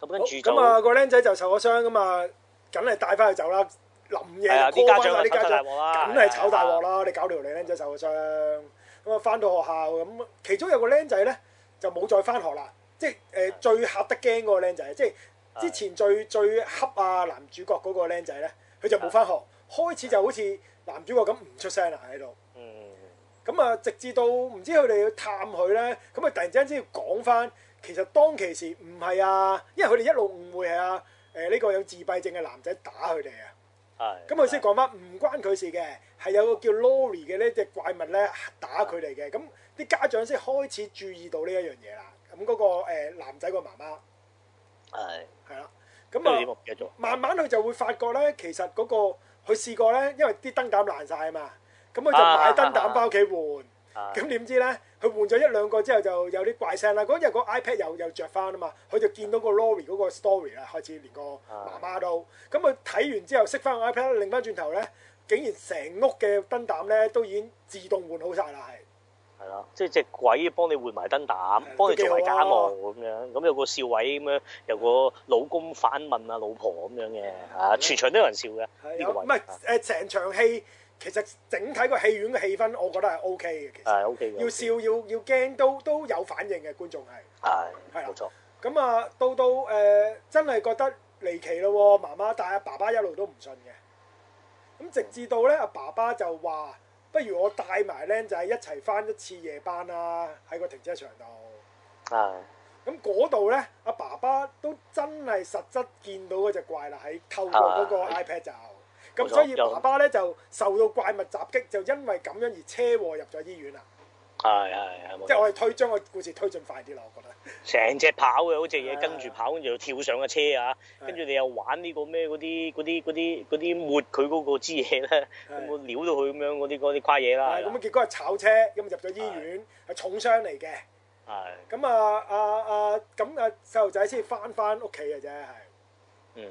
咁啊個僆仔就受咗傷咁啊，梗係帶翻去走啦。臨夜啊，啲家長啊，啲家長梗係炒大鑊啦！你搞條僆仔受咗傷，咁啊翻到學校咁，其中有個僆仔咧就冇再翻學啦。即係誒最嚇得驚嗰個僆仔，即係之前最最恰啊男主角嗰個僆仔咧，佢就冇翻學，開始就好似男主角咁唔出聲啦喺度。嗯。咁啊，直至到唔知佢哋要探佢咧，咁啊突然之間先要講翻。其實當其時唔係啊，因為佢哋一路誤會係啊誒呢個有自閉症嘅男仔打佢哋啊。係的。咁佢先講翻唔關佢事嘅，係有個叫 Lori 嘅呢隻怪物咧打佢哋嘅。咁啲的家長先開始注意到呢一樣嘢啦。咁嗰個、呃、男仔個媽媽係係啦。咁啊的，繼續。慢慢佢就會發覺咧，其實嗰個佢試過咧，因為啲燈膽爛晒啊嘛，咁佢就買燈膽返屋企換。的咁點知咧？佢、嗯、換咗一兩個之後就有啲怪聲啦。嗰日個 iPad 又又著翻啊嘛，佢就見到個 Lori 嗰個 story 啦，開始連個媽媽度。咁佢睇完之後熄翻個 iPad，擰翻轉頭咧，竟然成屋嘅燈膽咧都已經自動換好晒啦，係。係咯，即係隻鬼幫你換埋燈膽，幫你做埋家務咁樣。咁有個笑位咁樣，有個老公反問啊老婆咁樣嘅，啊了，全場都有人笑嘅呢了個位。唔係誒，成場戲。其實整體個戲院嘅氣氛，我覺得係 OK 嘅。其實要笑要要驚都都有反應嘅觀眾，係。係、哎。係啦的，冇錯。咁啊，到到誒、呃，真係覺得離奇咯喎，媽媽。但係阿爸爸一路都唔信嘅。咁直至到咧，阿爸爸就話：不如我帶埋僆仔一齊返一次夜班啦，喺個停車場度。係、哎。咁嗰度咧，阿爸爸都真係實質見到嗰隻怪啦，喺透過嗰個 iPad 就、哎。哎咁所以爸爸咧就受到怪物襲擊，就因為咁樣而車禍入咗醫院啦。係係係，即係我哋推將個故事推進快啲啦。我覺得成隻跑嘅好隻嘢跟住跑，跟住又跳上架車啊！跟住你又玩呢個咩嗰啲啲啲抹佢嗰個枝嘢咧，咁我撩到佢咁樣嗰啲嗰啲跨嘢啦。咁啊結果係炒車咁入咗醫院，係重傷嚟嘅。係。咁啊啊啊咁啊細路仔先返返屋企嘅啫，係。嗯。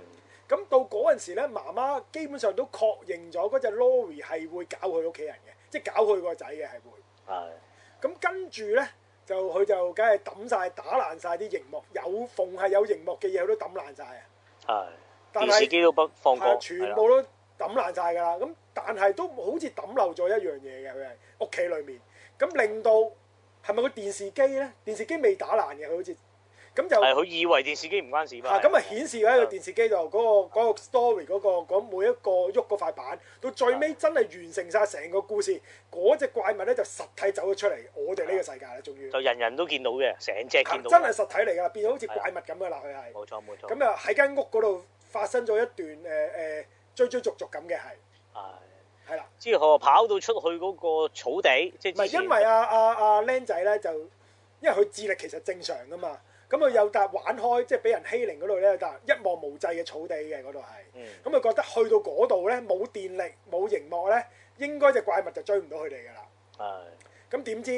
咁到嗰陣時咧，媽媽基本上都確認咗嗰隻 Lori 係會搞佢屋企人嘅，即係搞佢個仔嘅。係會。係的。咁跟住咧，就佢就梗係抌晒，打爛晒啲熒幕，有縫係有熒幕嘅嘢，佢都抌爛晒。啊的。係是。電視機都不放過。全部都抌爛晒㗎啦。咁的但係都好似抌漏咗一樣嘢嘅，佢係屋企裡面。咁令到係咪個電視機咧？電視機未打爛嘅，佢好似。咁就係佢以為電視機唔關事嘛。嚇咁啊，顯示喺個電視機度嗰個 story 嗰個講每一個喐嗰塊板，到最尾真係完成晒成個故事。嗰隻怪物咧就實體走咗出嚟，我哋呢個世界啦，終於就人人都見到嘅，成隻見到真係實體嚟噶，變咗好似怪物咁噶啦，佢係冇錯冇錯。咁啊喺間屋嗰度發生咗一段誒誒追追逐逐咁嘅係係係啦。之後跑到出去嗰個草地，唔係因為阿阿阿僆仔咧就因為佢智力其實正常噶嘛。咁佢又搭玩開，即係俾人欺凌嗰度咧，搭一望無際嘅草地嘅嗰度係。咁佢覺得去到嗰度咧，冇電力、冇熒幕咧，應該隻怪物就追唔到佢哋㗎啦。係。咁點知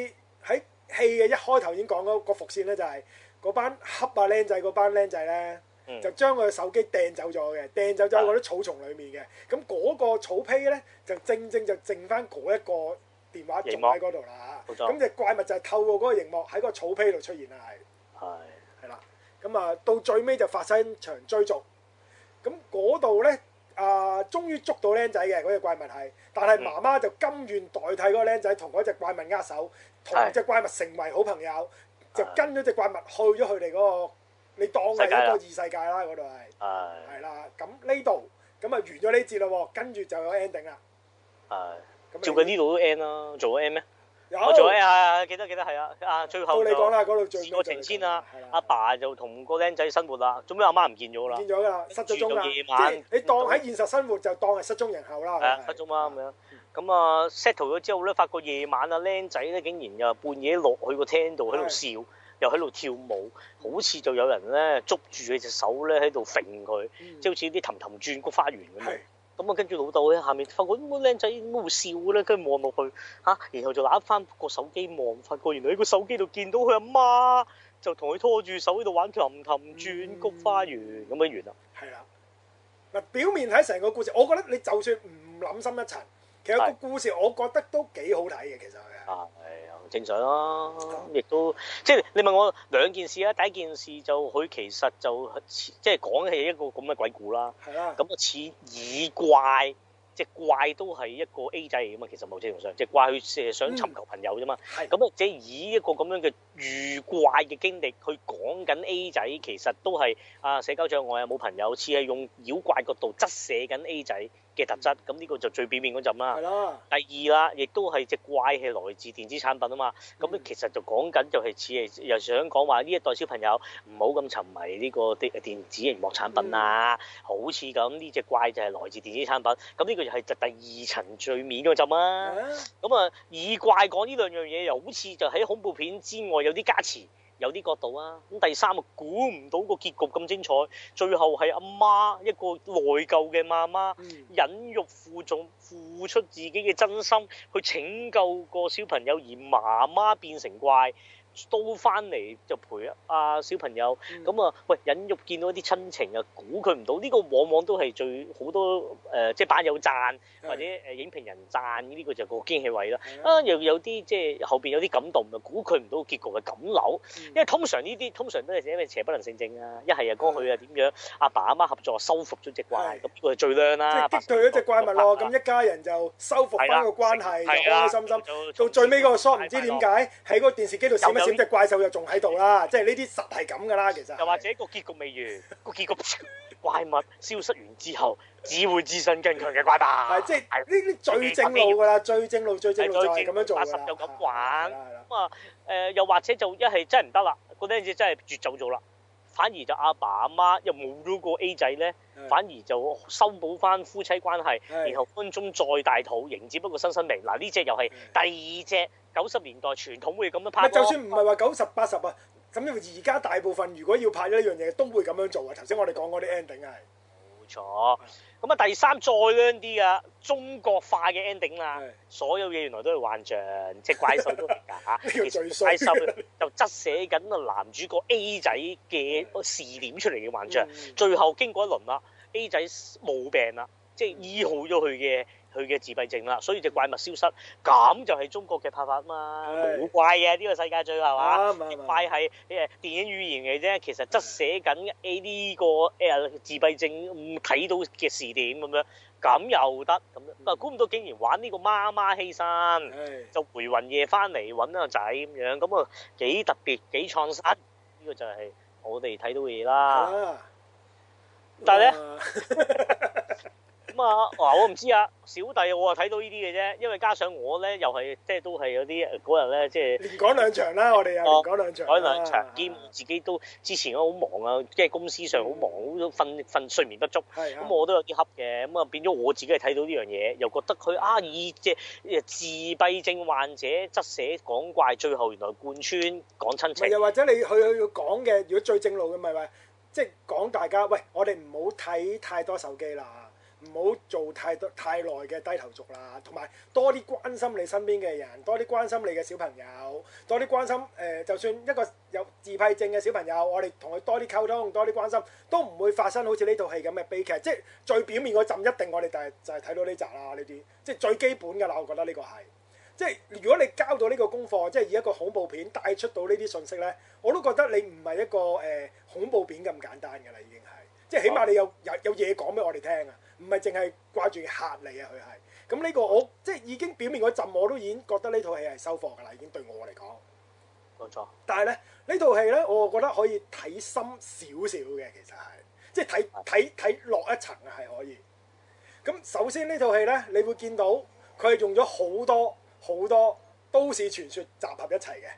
喺戲嘅一開頭已經講咗個伏線咧，就係嗰班黑啊靚仔，嗰班靚仔咧就將佢嘅手機掟走咗嘅，掟走咗喺嗰啲草叢裡面嘅。咁嗰個草坯咧就正正就剩翻嗰一個電話仲喺嗰度啦嚇。咁隻怪物就係透過嗰個熒幕喺個草坯度出現啦，係。係。咁啊，到最尾就發生場追逐，咁嗰度咧啊，終於捉到僆仔嘅嗰隻怪物係，但係媽媽就甘願代替嗰僆仔同嗰隻怪物握手，同隻怪物成為好朋友，就跟咗隻怪物去咗佢哋嗰個，你當係一個異世界啦嗰度係，係啦，咁呢度咁啊完咗呢節咯喎，跟住就有 ending 啦，係，照佢呢度都 end 咯，仲有 end 咩？我有啊，記得記得係啊，啊最後你講啦，嗰度事過情遷啊，阿爸就同個僆仔生活啦，做咩阿媽唔見咗啦？唔見咗㗎啦，失蹤啦。夜晚，你當喺現實生活就當係失蹤人口啦，係啊，失蹤啊咁樣。咁啊 settle 咗之後咧，發覺夜晚啊僆仔咧竟然又半夜落去個廳度喺度笑，又喺度跳舞，好似就有人咧捉住佢隻手咧喺度揈佢，即係好似啲氹氹轉菊花園咁樣。咁啊，跟住老豆喺下面發覺冇靚仔點會笑咧？跟住望落去嚇、啊，然後就揦翻個手機望，發覺原來喺個手機度見到佢阿媽就，就同佢拖住手喺度玩氹氹轉菊花園咁、嗯、樣完啦。係啦，嗱，表面睇成個故事，我覺得你就算唔諗深一層，其實個故事我覺得都幾好睇嘅，其實係啊。正常咯、啊，亦都即係你問我兩件事啊。第一件事就佢其實就即係講起一個咁嘅鬼故啦。係啊，咁啊似以怪，即係怪都係一個 A 仔嚟嘅嘛。其實冇正常，即係怪佢成日想尋求朋友啫嘛。係、嗯。咁啊，即以一個咁樣嘅遇怪嘅經歷去講緊 A 仔，其實都係啊社交障礙啊冇朋友，似係用妖怪角度側寫緊 A 仔。嘅特質，咁呢個就最表面嗰陣啦。的第二啦，亦都係隻怪係來自電子產品啊嘛。咁、嗯、其實就講緊就係似係又想講話呢一代小朋友唔好咁沉迷呢個啲電子熒幕產品啊。嗯、好似咁呢隻怪就係來自電子產品，咁呢個就係第二層最面嗰陣啦。咁啊的以怪講呢兩樣嘢，又好似就喺恐怖片之外有啲加持。有啲角度啊，咁第三啊，估唔到個結局咁精彩，最後係阿媽一個內疚嘅媽媽，忍辱負重，付出自己嘅真心去拯救個小朋友，而媽媽變成怪。都翻嚟就陪阿、啊、小朋友，咁啊喂，隱辱、嗯、見到啲親情啊，估佢唔到呢、這個往往都係最好多誒、呃，即係版友贊或者誒影評人贊呢、這個就個驚喜位啦。的啊又有啲即係後邊有啲感動，咪估佢唔到結局嘅感動。嗯、因為通常呢啲通常都係因為邪不能勝正的啊，一係啊哥佢啊點樣，阿爸阿媽合作收復咗隻怪，咁佢最靚啦。即係擊退咗隻怪物喎，咁一家人就收復翻個關係，就開開心心。到最尾個 shot 唔知點解喺嗰電視機度有隻怪獸又仲喺度啦，即係呢啲實係咁噶啦，其實。又或者個結局未完，個結局怪物消失完之後，只會自信更強嘅怪物。係即係呢啲最正路噶啦，對最正路，對最正路，再咁樣做，八十就咁玩。咁啊，誒，又或者就一係真係唔得啦，嗰陣時真係絕走咗啦。反而就阿爸阿媽，媽又冇咗個 A 仔咧，是的 反而就修補翻夫妻關係，是的 然後分鐘再大肚，然之是的 不過新生嚟。嗱呢隻又係第二隻是的 九十年代傳統會咁樣拍。就算唔係話九十八十啊，咁而家大部分如果要拍呢一樣嘢，都會咁樣做啊！頭先我哋講嗰啲 ending 係冇錯。咁啊，第三再靚啲啊，中國化嘅 ending 啦，是所有嘢原來都係幻象，即怪獸都嚟㗎 其實怪獸就執寫緊男主角 A 仔嘅視點出嚟嘅幻象，嗯、最後經過一輪啦，A 仔冇病啦，即係醫好咗佢嘅。佢嘅自閉症啦，所以隻怪物消失，咁就係中國嘅拍法啊嘛，好是怪嘅，呢、呢個世界最係嘛？是不是不是怪係誒電影語言嘅啫，其實則寫緊誒呢個誒自閉症睇到嘅視點咁樣，咁又得咁樣，但係估唔到竟然玩呢個媽媽犧牲，是就回魂夜翻嚟揾個仔咁樣，咁啊幾特別幾創新，呢、呢個就係我哋睇到嘅嘢啦。啊、但係咧。 咁啊，嗱，我唔知啊，小弟我啊睇到呢啲嘅啫，因為加上我咧，又係即係都係有啲嗰日咧，即係連講兩場啦，嗯、我哋又連講兩場，講兩、啊、場兼自己都之前都好忙啊，即係公司上好忙，好、嗯、都瞓瞓睡眠不足，咁、嗯嗯、我都有啲黑嘅，咁啊變咗我自己係睇到呢樣嘢，又覺得佢啊以即係自閉症患者則寫講怪，最後原來貫穿講親情，又或者你佢佢講嘅，如果最正路嘅咪咪，即係講大家喂，我哋唔好睇太多手機啦。唔好做太多太耐嘅低頭族啦，同埋多啲關心你身邊嘅人，多啲關心你嘅小朋友，多啲關心誒、呃，就算一個有自閉症嘅小朋友，我哋同佢多啲溝通，多啲關心，都唔會發生好似呢套戲咁嘅悲劇。即係最表面嗰陣一定，我哋就就係睇到呢集啦。呢啲即係最基本嘅啦，我覺得呢個係即係如果你交到呢個功課，即係以一個恐怖片帶出到呢啲信息咧，我都覺得你唔係一個誒、呃、恐怖片咁簡單嘅啦，已經係即係起碼你有 So. 有有嘢講俾我哋聽啊！唔係淨係掛住嚇你啊！佢係咁呢個我即係已經表面嗰陣我都已經覺得呢套戲係收貨㗎啦，已經對我嚟講冇錯。但係咧呢套戲咧，我覺得可以睇深少少嘅，其實係即係睇睇睇落一層係可以。咁首先呢套戲咧，你會見到佢係用咗好多好多都市傳說集合一齊嘅。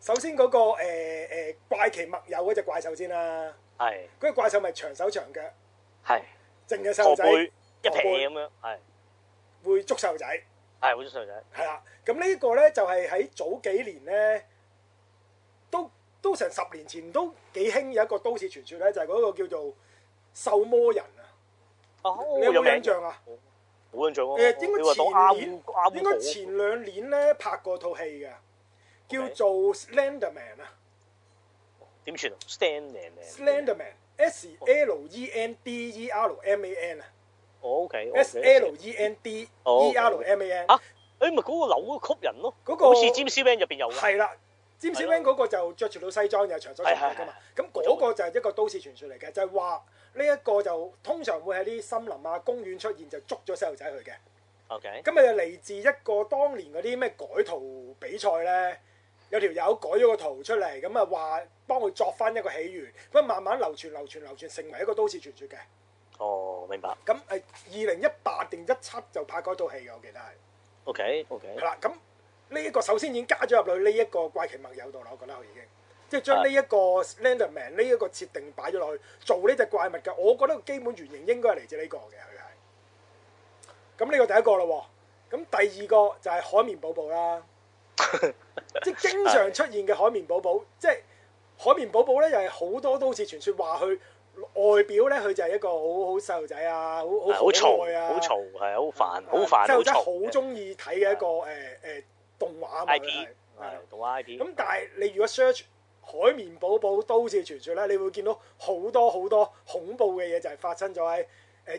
首先嗰、那個誒、呃呃、怪奇默友嗰隻怪獸先啦，係嗰隻怪獸咪長手長腳，係。正嘅細路仔，一皮咁樣，係會捉細路仔，係的會捉細路仔，係啦。咁呢一個咧就係喺早幾年咧，都都成十年前都幾興有一個都市傳說咧，就係、是、嗰個叫做瘦魔人啊。哦、你有冇印，名印象啊？冇印象喎。誒，應該前年應該前兩年咧拍過套戲嘅，叫做 Slenderman 啊 Okay.。點算？Slenderman。Man, Sl S, S L E N D E R M A N 啊，O K S, okay, okay. S, S L E N D E R M A N、oh, okay. 啊，誒咪嗰個紐約曲人咯，嗰、欸那個好似 James Bond 入邊有嘅，係啦，James Bond 嗰個就着住套西裝又長咗身軀㗎嘛，咁嗰個就係一個都市傳説嚟嘅，就係話呢一個就通常會喺啲森林啊公園出現，就捉咗細路仔去嘅，O K，咁咪嚟自一個當年嗰啲咩改圖比賽咧。有條友改咗個圖出嚟，咁啊話幫佢作翻一個起源，咁啊慢慢流傳流傳流傳，成為一個都市傳説嘅。哦，明白。咁係二零一八定一七就拍嗰套戲嘅，我記得係。OK，OK。係啦，咁呢一個首先已經加咗入去呢一個怪奇默友度啦，我覺得佢已經，即係將呢一個 Slenderman 呢一個設定擺咗落去，做呢隻怪物嘅，我覺得基本原型應該係嚟自呢個嘅，佢係。咁呢個第一個啦，咁第二個就係海綿寶寶啦。即係經常出現嘅《海綿寶寶》，即係《海綿寶寶》咧，又係好多都市傳説話佢外表咧，佢就係一個好好細路仔啊，好好可愛啊，好嘈係好煩，好煩煩，細路仔好中意睇嘅一個誒誒動畫 IP，係動畫 IP。咁但係你如果 search《海綿寶寶》都市傳説咧，你會見到好多好多恐怖嘅嘢，就係發生咗喺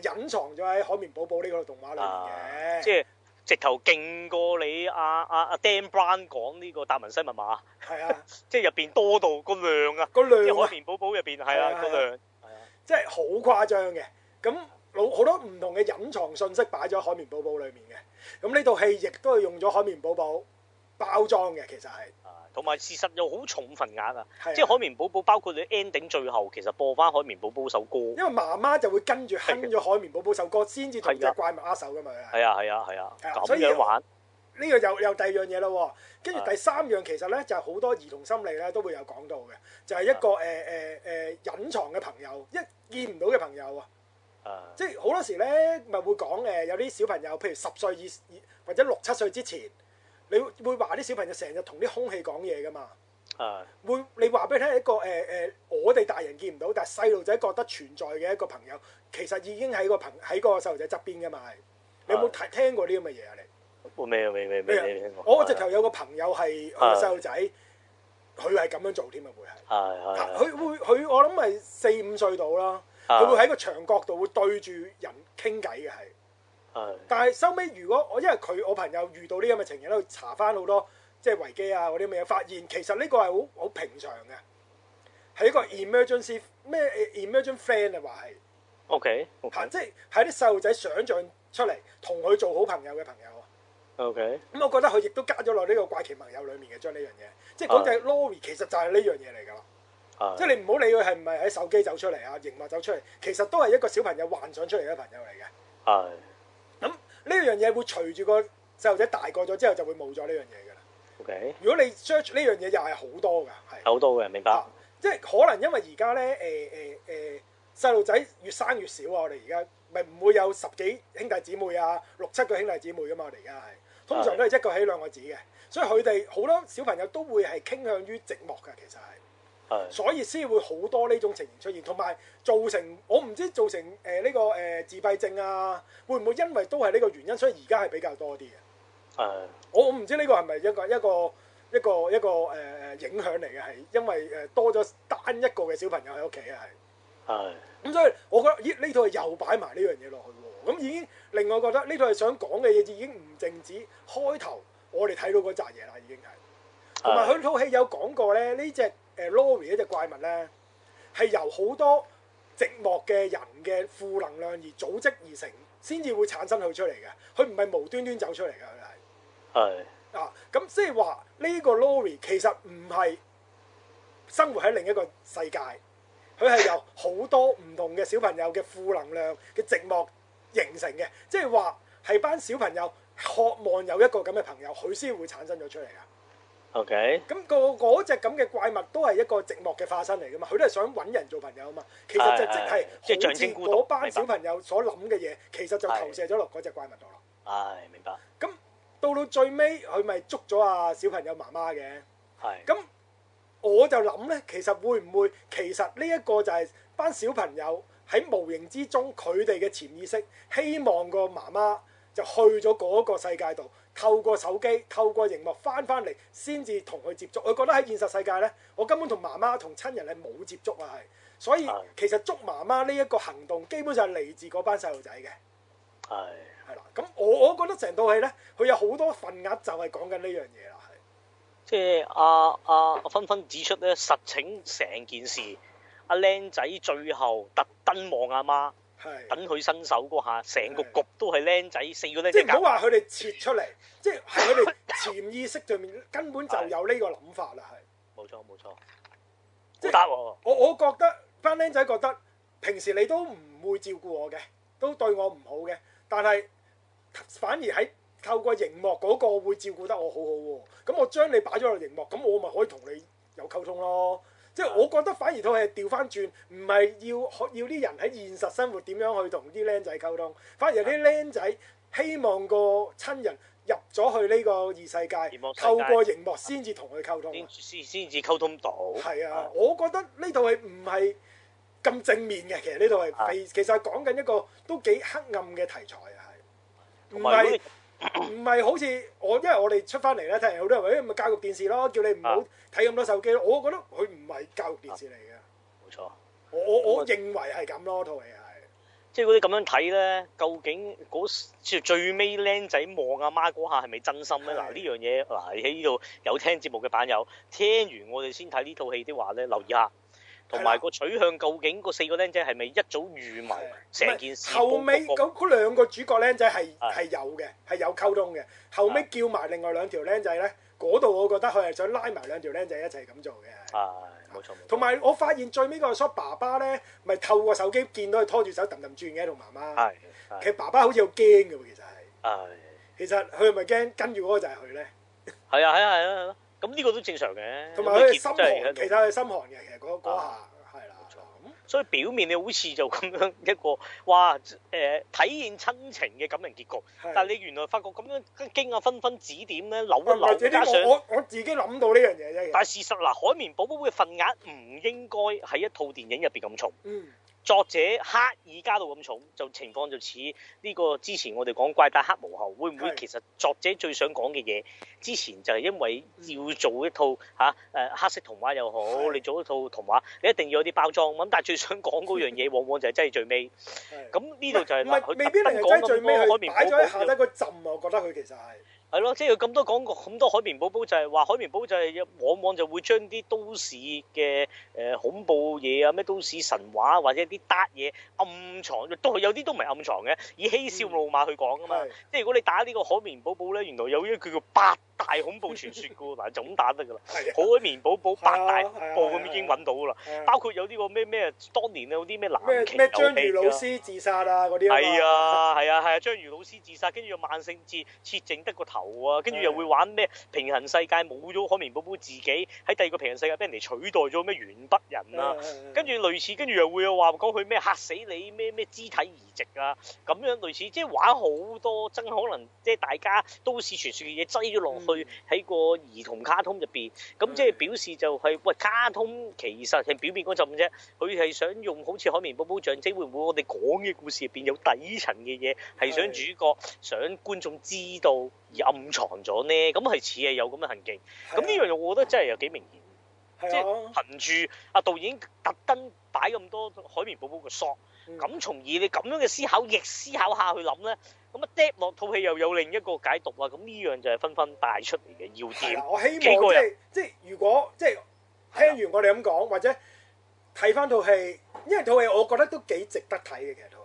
誒隱藏咗喺《海綿寶寶》呢個動畫裏面嘅，即係。直頭勁過你阿阿阿 Dan Brown 講呢個達文西密碼，係啊， 即係入邊多到個量啊，個量、啊《海綿寶寶》入邊，係啊，個、啊、量，係啊，啊啊即係好誇張嘅。咁老好多唔同嘅隱藏信息擺咗《海綿寶寶》裏面嘅。咁呢套戲亦都係用咗《海綿寶寶》包裝嘅，其實係。同埋事實又好重份額啊！啊即係《海綿寶寶》，包括你 ending 最後，其實播翻《海綿寶寶》首歌。因為媽媽就會跟住哼咗《海綿寶寶》首歌，先至同隻怪物握手噶嘛。係啊係啊係啊！咁、啊啊啊啊、樣玩呢個又又第二樣嘢咯。跟住第三樣其實咧，就係、是、好多兒童心理咧都會有講到嘅，就係、是、一個誒誒誒隱藏嘅朋友，一見唔到嘅朋友啊！即係好多時咧，咪會講誒有啲小朋友，譬如十歲以以或者六七歲之前。你會話啲小朋友成日同啲空氣講嘢噶嘛？啊、會你話俾佢聽一個誒誒、呃呃，我哋大人見唔到，但係細路仔覺得存在嘅一個朋友，其實已經喺個朋喺個細路仔側邊噶嘛。啊、你有冇聽,聽過呢啲咁嘅嘢啊？你我未啊未未未未聽過我直頭有個朋友係個細路仔，佢係咁樣做添啊！會、啊、係，佢會佢我諗係四五歲到啦。佢、啊啊、會喺個牆角度會對住人傾偈嘅係。但係收尾，如果我因為佢，我朋友遇到呢咁嘅情形，都查翻好多即係維基啊，嗰啲咁嘅嘢，發現其實呢個係好好平常嘅，係一個 emergency 咩 emergency friend 啊，話係 OK, okay. 即係喺啲細路仔想象出嚟同佢做好朋友嘅朋友。OK，咁、嗯、我覺得佢亦都加咗落呢個怪奇默友裡面嘅，將呢樣嘢即係嗰隻 Lori 其實就係呢樣嘢嚟噶啦，uh, 即係你唔好理佢係唔係喺手機走出嚟啊，熒幕走出嚟，其實都係一個小朋友幻想出嚟嘅朋友嚟嘅。係。Uh, uh, uh, uh, uh. 呢樣嘢會隨住個細路仔大個咗之後就會冇咗呢樣嘢㗎啦。OK，如果你 search 呢樣嘢又係好多㗎，係好多嘅，明白、 啊。即係可能因為而家咧，誒誒誒，細路仔越生越少啊！我哋而家咪唔會有十幾兄弟姊妹啊，六七個兄弟姊妹㗎嘛，我哋而家係通常都係一個起兩個止嘅， 所以佢哋好多小朋友都會係傾向於寂寞㗎，其實係。所以先會好多呢種情形出現，同埋造成我唔知造成誒呢、呃這個誒、呃、自閉症啊，會唔會因為都係呢個原因，所以而家係比較多啲嘅？誒、uh,，我我唔知呢個係咪一個一個一個一個誒、呃、影響嚟嘅？係因為誒、呃、多咗單一個嘅小朋友喺屋企啊，係。係。咁所以我覺得咦呢套係又擺埋呢樣嘢落去喎，咁已經令我覺得呢套係想講嘅嘢已經唔淨止，開頭我哋睇到嗰扎嘢啦，已經係。同埋佢套戲有講過咧，呢隻。誒 Lori 一隻怪物咧，係由好多寂寞嘅人嘅負能量而組織而成，先至會產生佢出嚟嘅。佢唔係無端端走出嚟嘅，佢係。係。是的 啊，咁即係話呢個 Lori 其實唔係生活喺另一個世界，佢係由好多唔同嘅小朋友嘅負能量嘅寂寞形成嘅。即係話係班小朋友渴望有一個咁嘅朋友，佢先會產生咗出嚟嘅。O.K. 咁個嗰隻咁嘅怪物都係一個寂寞嘅化身嚟噶嘛？佢都係想揾人做朋友啊嘛。其實就即係好似嗰班小朋友所諗嘅嘢，其實就投射咗落嗰隻怪物度咯。唉、哎，明白。咁到到最尾，佢咪捉咗阿小朋友媽媽嘅。係、哎。咁我就諗呢，其實會唔會？其實呢一個就係班小朋友喺無形之中，佢哋嘅潛意識希望個媽媽就去咗嗰個世界度。透過手機、透過熒幕翻翻嚟，先至同佢接觸。佢覺得喺現實世界咧，我根本同媽媽、同親人係冇接觸啊，係。所以是其實捉媽媽呢一個行動，基本上係嚟自嗰班細路仔嘅。係係啦，咁我我覺得成套戲咧，佢有好多份額就係講緊呢樣嘢啦，係。即係阿阿分分指出咧，實情成件事，阿僆仔最後特登望阿媽。係等佢伸手嗰下，成個局都係僆仔、四個僆仔，即係唔好話佢哋切出嚟， 即係佢哋潛意識上面根本就有呢個諗法啦。係 的。冇錯冇錯。即係是、啊、我我覺得班僆仔覺得，平時你都唔會照顧我嘅，都對我唔好嘅，但係反而喺透過熒幕嗰、嗰個會照顧得我好好、啊、喎。咁我將你擺咗落熒幕，咁我咪可以同你有溝通咯。即係我覺得反而套戲調翻轉，唔係要要啲人喺現實生活點樣去同啲僆仔溝通，反而有啲僆仔希望個親人入咗去呢個異世界，透過熒幕先至同佢溝通，先至溝通到。係啊，我覺得呢套係唔係咁正面嘅，其實呢套係，其實係講緊一個都幾黑暗嘅題材啊，係唔係？唔係好似我，因為我哋出翻嚟咧，聽到好多人話，咦、哎，咪教育電視咯，叫你唔好睇咁多手機咯。啊、我覺得佢唔係教育電視嚟嘅。冇、啊、錯，我我我認為係咁咯，套、那個、戲係。即係嗰啲咁樣睇咧，究竟嗰最尾僆仔望阿媽嗰下係咪真心咧？嗱的，呢樣嘢嗱，喺呢度有聽節目嘅版友，聽完我哋先睇呢套戲的話咧，留意下。同埋個取向究竟個四個僆仔係咪一早預謀成件事？後尾嗰嗰兩個主角僆仔係係有嘅，係的有溝通嘅。後尾叫埋另外兩條僆仔咧，嗰度我覺得佢係想拉埋兩條僆仔一齊咁做嘅。係，冇錯。同埋我發現最尾個叔爸爸咧，咪透過手機見到佢拖住手氹氹轉嘅，同媽媽。係，其實爸爸好似好驚嘅喎，其實係。係。其實佢係咪驚跟住嗰個就係佢咧。係啊係啊係啊係啊！咁呢個都正常嘅，同埋佢心寒，真其實係心寒嘅。其實嗰嗰下係啦，冇的錯。嗯、所以表面你好似就咁樣一個，哇誒、呃，體驗親情嘅感人結局。的但係你原來發覺咁樣經阿分分指點咧，扭一扭，啊、加上、啊、我我，我自己諗到呢樣嘢啫。但係事實嗱，呃《海綿寶寶》嘅份額唔應該喺一套電影入邊咁重。嗯作者刻意加到咁重，就情況就似呢、這個之前我哋講怪誕黑巫后，會唔會其實作者最想講嘅嘢？是的 之前就係因為要做一套嚇誒、啊呃、黑色童話又好，是的 你做一套童話，你一定要有啲包裝咁，但係最想講嗰樣嘢， 往往就係真係最尾。咁呢度就係唔係佢未必能夠喺最尾去擺咗喺下底個浸啊？我覺得佢其實係。係咯，即係佢咁多廣告，咁多海綿寶寶就係、是、話海綿寶就係往往就會將啲都市嘅誒、呃、恐怖嘢啊，咩都市神話或者啲得嘢暗藏，有都有啲都唔係暗藏嘅，以嬉笑怒罵去講㗎嘛。即係、嗯、如果你打呢個海綿寶寶咧，原來有啲佢叫八大恐怖傳説㗎喎，嗱 就咁打得㗎啦。 啊、好海綿寶寶八大恐怖咁、 啊、已經揾到啦，啊、包括有呢個咩咩，當年有啲咩藍鰭老師自殺啊嗰啲啊係啊係啊係啊，章魚老師自殺、啊，跟住萬聖節設整得個頭。啊！跟住又會玩咩平衡世界，冇咗海綿寶寶，自己喺第二個平衡世界俾人哋取代咗咩原筆人啦、啊？跟住類似，跟住又會又話講佢咩嚇死你咩咩肢體移植啊，咁樣類似，即係玩好多，真可能即係大家都市傳説嘅嘢擠咗落去喺、嗯、個兒童卡通入邊咁，即係表示就係、是、喂，卡通其實係表面嗰層啫，佢係想用好似海綿寶寶象徵，會唔會我哋講嘅故事入邊有底層嘅嘢係想主角想觀眾知道。暗藏咗呢，咁係似係有咁嘅痕跡。咁呢、啊、樣嘢，我覺得真係有幾明顯。啊、即係憑住阿導演特登擺咁多海綿寶寶嘅 shot，咁、嗯、從而你咁樣嘅思考，亦思考下去諗咧，咁啊 drop 落套戲又有另一個解讀啊。咁呢樣就係分分帶出嚟嘅要點。啊、我希望幾個人？即係如果即係聽完我哋咁講，啊、或者睇翻套戲，因為套戲我覺得都幾值得睇嘅其實。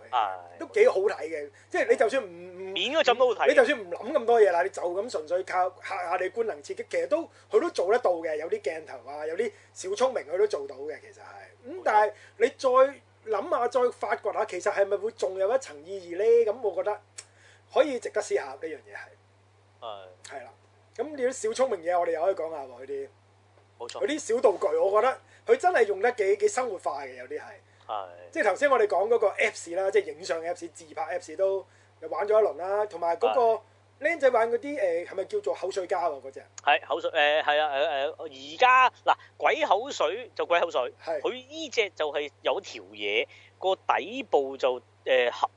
都幾好睇嘅，即係你就算唔唔演都好睇。你就算唔諗咁多嘢啦，你就咁純粹靠下下你官能刺激，其實都佢都做得到嘅。有啲鏡頭啊，有啲小聰明佢都做到嘅。其實係咁、嗯，但係你再諗下，再發掘下，其實係咪會仲有一層意義呢？咁我覺得可以值得思考呢樣嘢係。誒，係啦、uh。咁啲小聰明嘢我哋又可以講下喎，佢啲。冇錯。佢啲小道具，我覺得佢真係用得幾幾生活化嘅，有啲係。係，即係頭先我哋講嗰個 Apps 啦，即係影相 Apps、自拍 Apps 都玩咗一輪啦，同埋嗰個僆仔玩嗰啲誒係咪叫做口水膠啊？嗰隻係口水誒係啊誒誒，而家嗱鬼口水就鬼口水，係，佢依隻就係有條嘢個底部就。誒合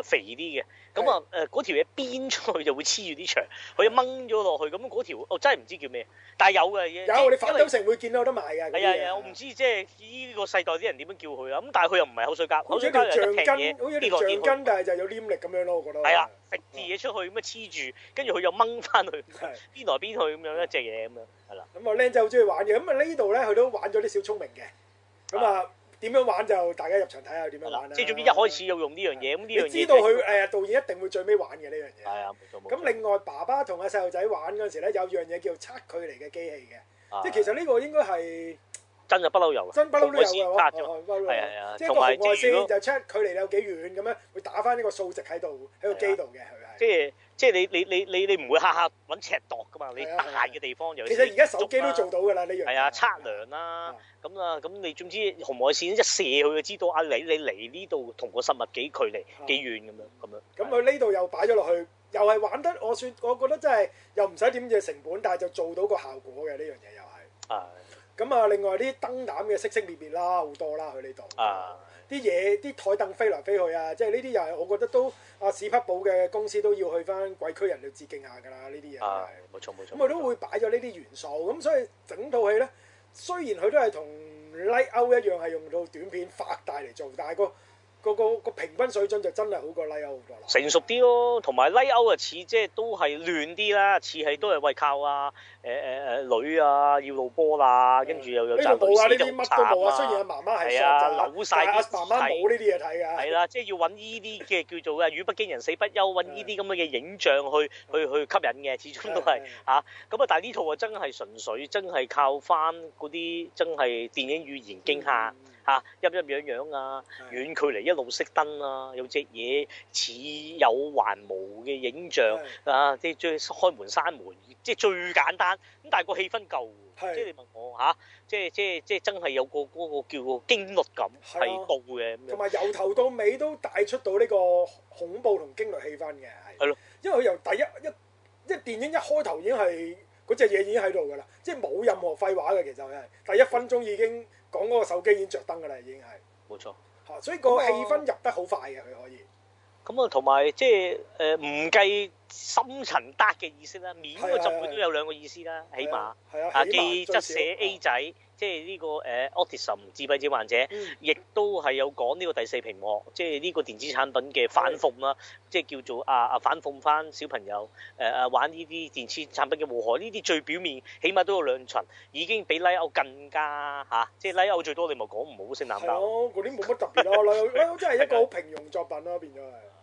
誒肥啲嘅，咁啊誒嗰條嘢邊出去就會黐住啲牆，佢就掹咗落去，咁嗰條哦真係唔知叫咩，但係有嘅嘢。有，你反斗城會見到有得賣啊！係啊，我唔知即係呢個世代啲人點樣叫佢啊。咁但係佢又唔係口水膠，口水膠，好似條橡筋，好似條橡筋，但係就有黏力咁樣咯，我覺得係啊，食啲嘢出去咁啊黐住，跟住佢又掹翻去，邊來邊去咁樣一隻嘢咁樣，係啦。咁啊靚仔好中意玩嘅，咁啊呢度咧佢都玩咗啲小聰明嘅，咁啊。點樣玩就大家入場睇下點樣玩啦。即係總之一開始要用呢樣嘢，咁呢樣知道佢誒導演一定會最尾玩嘅呢樣嘢。係啊，咁另外，爸爸同阿細路仔玩嗰時咧，有樣嘢叫做測距離嘅機器嘅。即係其實呢個應該係真就不嬲有，真不嬲都有嘅。啊，即係個紅外線就測距離有幾遠咁樣，會打翻呢個數值喺度，喺個機度嘅佢係。即係即係你你你你你唔會下下揾尺度噶嘛？你大嘅地方又。其實而家手機都做到噶啦呢樣。係啊，測量啦。咁啦，咁你總之紅外線一射佢就知道啊！你你嚟呢度同個實物幾距離、幾、啊、遠咁樣咁樣。咁佢呢度又擺咗落去，又係玩得我算，我覺得真係又唔使點嘅成本，但係就做到個效果嘅呢樣嘢又係。係。咁啊，另外啲燈膽嘅熄熄滅滅啦，好多啦，佢呢度。啊。啲嘢啲台凳飛來飛去啊，即係呢啲又係我覺得都啊，史匹堡嘅公司都要去返鬼驅人度致敬下㗎啦，呢啲嘢。係、啊。冇錯冇錯。咁佢錯都會擺咗呢啲元素，咁所以整套戲咧。呢雖然佢都係同 Lights Out 一樣係用到短片發大嚟做，但係個個個個平均水準就真係好過 Lights Out 成熟啲咯、哦，同埋 Lights Out 啊，似即係都係亂啲啦，似係都係為靠啊。誒誒誒女啊，要露波啦，跟住又有雜女屍就冇啊，嗯啊！雖然阿媽媽係有就甩啲，冇呢啲嘢睇啊。係啦、啊，即係要揾呢啲嘅叫做啊，語不驚人死不休，揾呢啲咁樣嘅影像去、嗯、去去吸引嘅，始終都係嚇。咁啊、嗯，嗯嗯嗯嗯、但係呢套啊真係純粹，真係靠翻嗰啲真係電影語言驚吓嚇，陰陰陽陽啊，遠距離一路熄燈啊，有隻嘢似有還無嘅影像、嗯、啊，啲最開門閂門，門，門，門，即係最簡單。咁但係個氣氛夠，即係的你問我吓、啊，即係即係即係真係有個、嗰個叫做驚慄感喺度嘅，同埋由頭到尾都帶出到呢個恐怖同驚慄氣氛嘅，係的，因為佢由第一一即係電影一開頭已經係嗰隻嘢，已經喺度噶啦，即係冇任何廢話嘅，其實係，第一分鐘已經講嗰個手機已經着燈噶啦，已經係，冇錯錯，吓，所以個氣氛入得好快嘅，佢可以。咁啊，同埋即係誒唔計深層得嘅意思啦，面嗰陣佢都有兩個意思啦，起碼啊記則寫 A 仔，啊、即係呢、這個誒、呃、autism 自閉症患者，亦、嗯、都係有講呢個第四屏幕，即係呢個電子產品嘅反諷啦，是啊、即係叫做啊啊反諷翻小朋友誒誒、啊、玩呢啲電子產品嘅禍害，呢啲最表面，起碼都有兩層，已經比拉歐更加嚇、啊，即係拉歐最多你咪講唔好聲難得，哦，嗰啲冇乜特別咯，拉歐 真係一個好平庸作品咯變咗係。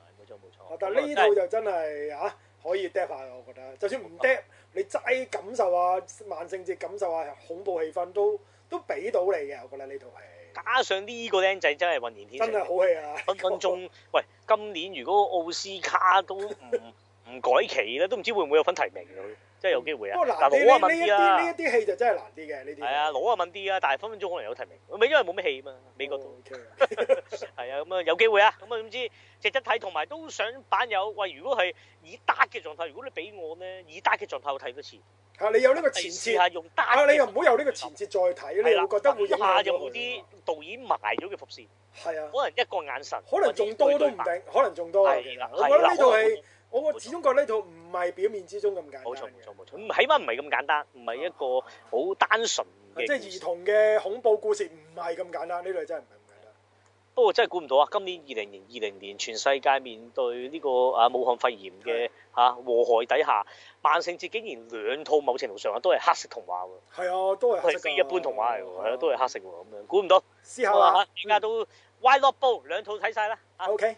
但呢套就真係嚇、啊、可以 dé 下，我覺得。就算唔 dé，你齋感受啊，萬聖節感受下恐怖氣氛都都俾到你嘅，我覺得呢套戲。加上呢個僆仔真係渾然天成，真係好戲啊！分、這個、分鐘，喂，今年如果奧斯卡都唔唔 改期咧，都唔知會唔會有份提名嘅即係有機會啊！不過難啲，呢一啲呢一啲戲就真係難啲嘅呢啲。係啊，羅啊，敏啲啊，但係分分鐘可能有提名，唔因為冇咩戲啊嘛。美國都 OK 啊。係啊，咁啊有機會啊。咁啊，總之值得睇，同埋都想版友。喂，如果係以單嘅狀態，如果你俾我咧，以單嘅狀態去睇多次。啊，你有呢個前設啊？用單你又唔好有呢個前設再睇咧，你覺得會一下有冇啲導演埋咗嘅伏線。係啊，可能一個眼神，可能仲多都唔定，可能仲多嘅。係啦，係啦。我始終覺得呢套唔係表面之中咁簡單，冇錯冇錯冇錯，起碼唔係咁簡單，唔係一個好單純嘅。即係兒童嘅恐怖故事唔係咁簡單，呢個真係唔係咁簡單。不過真係估唔到啊！今年二零年二零年，全世界面對呢個啊武漢肺炎嘅啊禍害底下，萬聖節竟然兩套某程度上都係黑色童話喎。係啊，都係。係非一般童話嚟喎，係啦，都係黑色喎咁樣，估唔到。思考下嚇，而家都《Wild Boar》兩套睇晒啦。O K。